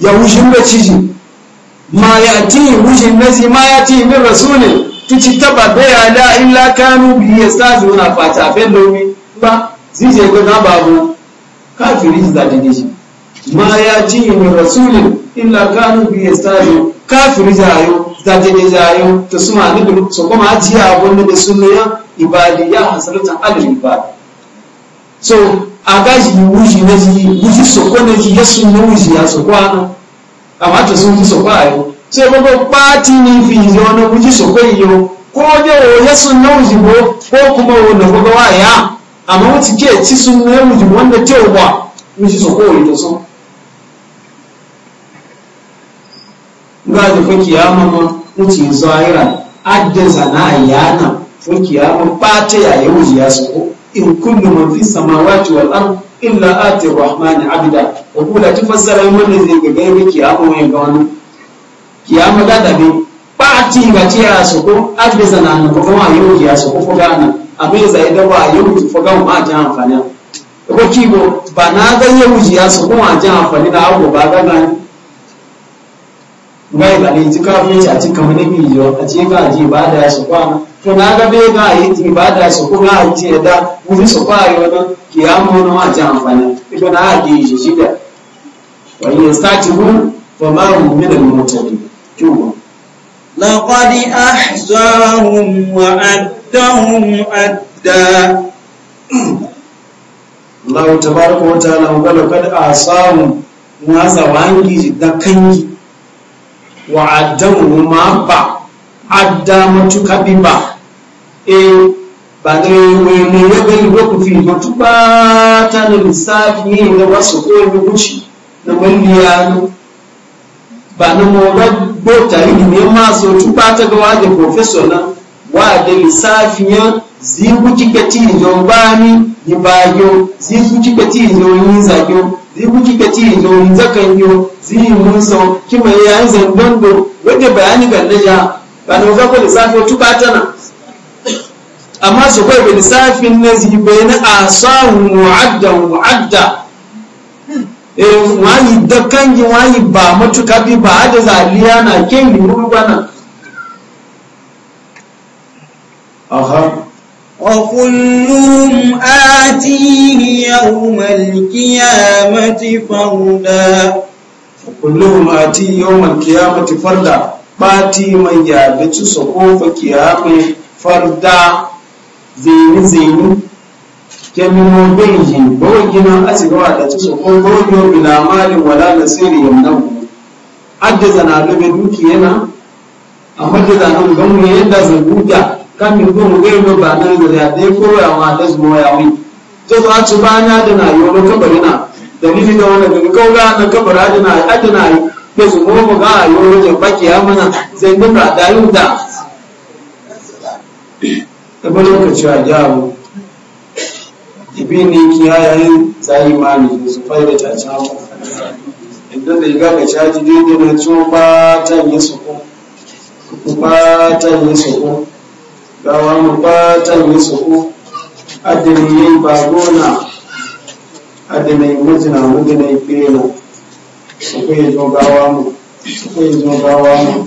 ya wujin da ciji ma ya ti wujin nazi ma ya ti min rasulin ci taba ya da illa kanu bi ya sazi wani fata fen domi ba zije ga na babu kafiri da dine shi ma ya ti min rasulin illa kanu bi ya sazi kafiri jayo da dine jayo to suma ne da so kuma ajiya abun da sunna ibadi ya hasalatan alil ibadi so agaji ni wuji na ji wuji soko na ji yesu na wuji ya sokwa na kamata sun ji sokwa ayo sai gbogbo pati ni fi yi wani wuji soko iyo ko ne o yesu na wuji bo ko kuma o na gbogbo wa ya amma wuti ke ci sun wuji wanda te o ba wuji sokwa o so. Nga sun ga da fa kiyama ma wuti zahira na zana yana fa kiyama pati ya yi wuji ya sokwa in kullu man fi samawati wal ard illa ati rahmani abda ko kula ti fassara mun ne ga ga ki abu mai ga wani kiyama da da bi ba ti ga ti ya so ko abiza nan ko kuma yau ya su ko ga nan abin zai da ba yau ki fa ga mu a jan amfani ko ki bo ba na ga yau ya so ko a jan amfani da abu ba ga nan ngai ba ne ti ka fi ci a cikin kamar ne mi yo a cikin ga ji ba da ya so kwana to na ga bai ga yi ibada su kuma a ce da wuri su fara yi wani kiyama wani ma amfani ita na haɗe shi shi da wani ya sati hun to ma mu min da mutane kyuwa لقد أحصاهم adda. أدا Allah tabaraka wa ta'ala wa laqad asamu wa zawangi da kangi wa adamu ma ba adda matuka bi ba. eh ba da wani yabin lokaci matu ba ta da lissafi ne na wasu koyar lokaci na bandiya ba na mawada bota yi ne masu tuba ta gawa da professor na wa da lissafi ya zigu kika ti don bani yi bagyo zigu kika ti don yi zagyo zigu kika kima ya yi zandon do wadda bayani ga naja ba na lissafi tuba ta amma su kai bin safin na zibe na asahun mu'addan mu'adda eh, wani dakangi wani ba matuka bi ba da zaliya na kin yi rubana aha وكلهم آتيه يوم القيامة فردا وكلهم آتيه يوم القيامة فردا باتي من يابت سقوف قيامه فردا zini zini kemino benji bawa gina asibawa da ci ko gojo bila malin wala nasiri nan adda na lobe duki yana amma da zana mu gamu yanda zabuda kan mu go mu gairo ba nan da ya dai ko ya ma da zuwa ya wi to za ci bana da na yoro kabari na da dalili da wannan da ko ga na kabara da na adda na yi da su mu ga yoro da baki ya mana zai dinga da yunda ebe lokaci a gyaru ibi ne ki yayin zai mani su fai da caca mu idan da ga ga caji dai ne ci ba ta yi su Ku ba ta yi su ko ga wani ba ta yi su ko adini yi ba gona adini mutuna mutuna kirena su ko yi zo gawa mu su ko yi zo gawa mu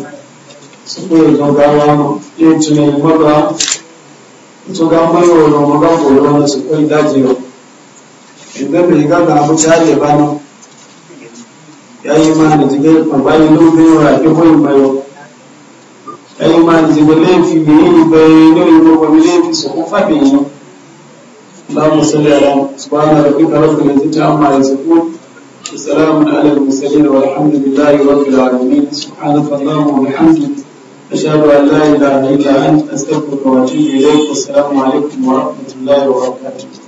su ko yi zo gawa mu yi tunai maga nítorí ọmọ yóò lọ ọmọ bá wò lọ́wọ́ ti kó ìdájì rẹ̀ ẹgbẹ́ mi gbàgbà àbújá lè bá náà yayi ma da jige bambani lobe wa ke koyin bayo yayi ma da jige laifi ne yi bayi ne yi ba wani laifi su ko faɗi ne Allah mu salli ala subhana rabbika rabbil izzati amma yasifun salamun ala al mursalin walhamdulillahi rabbil alamin subhanaka allahumma wa bihamdika أشهد أن لا إله إلا أنت أستغفرك وأتوب إليك والسلام عليكم ورحمة الله وبركاته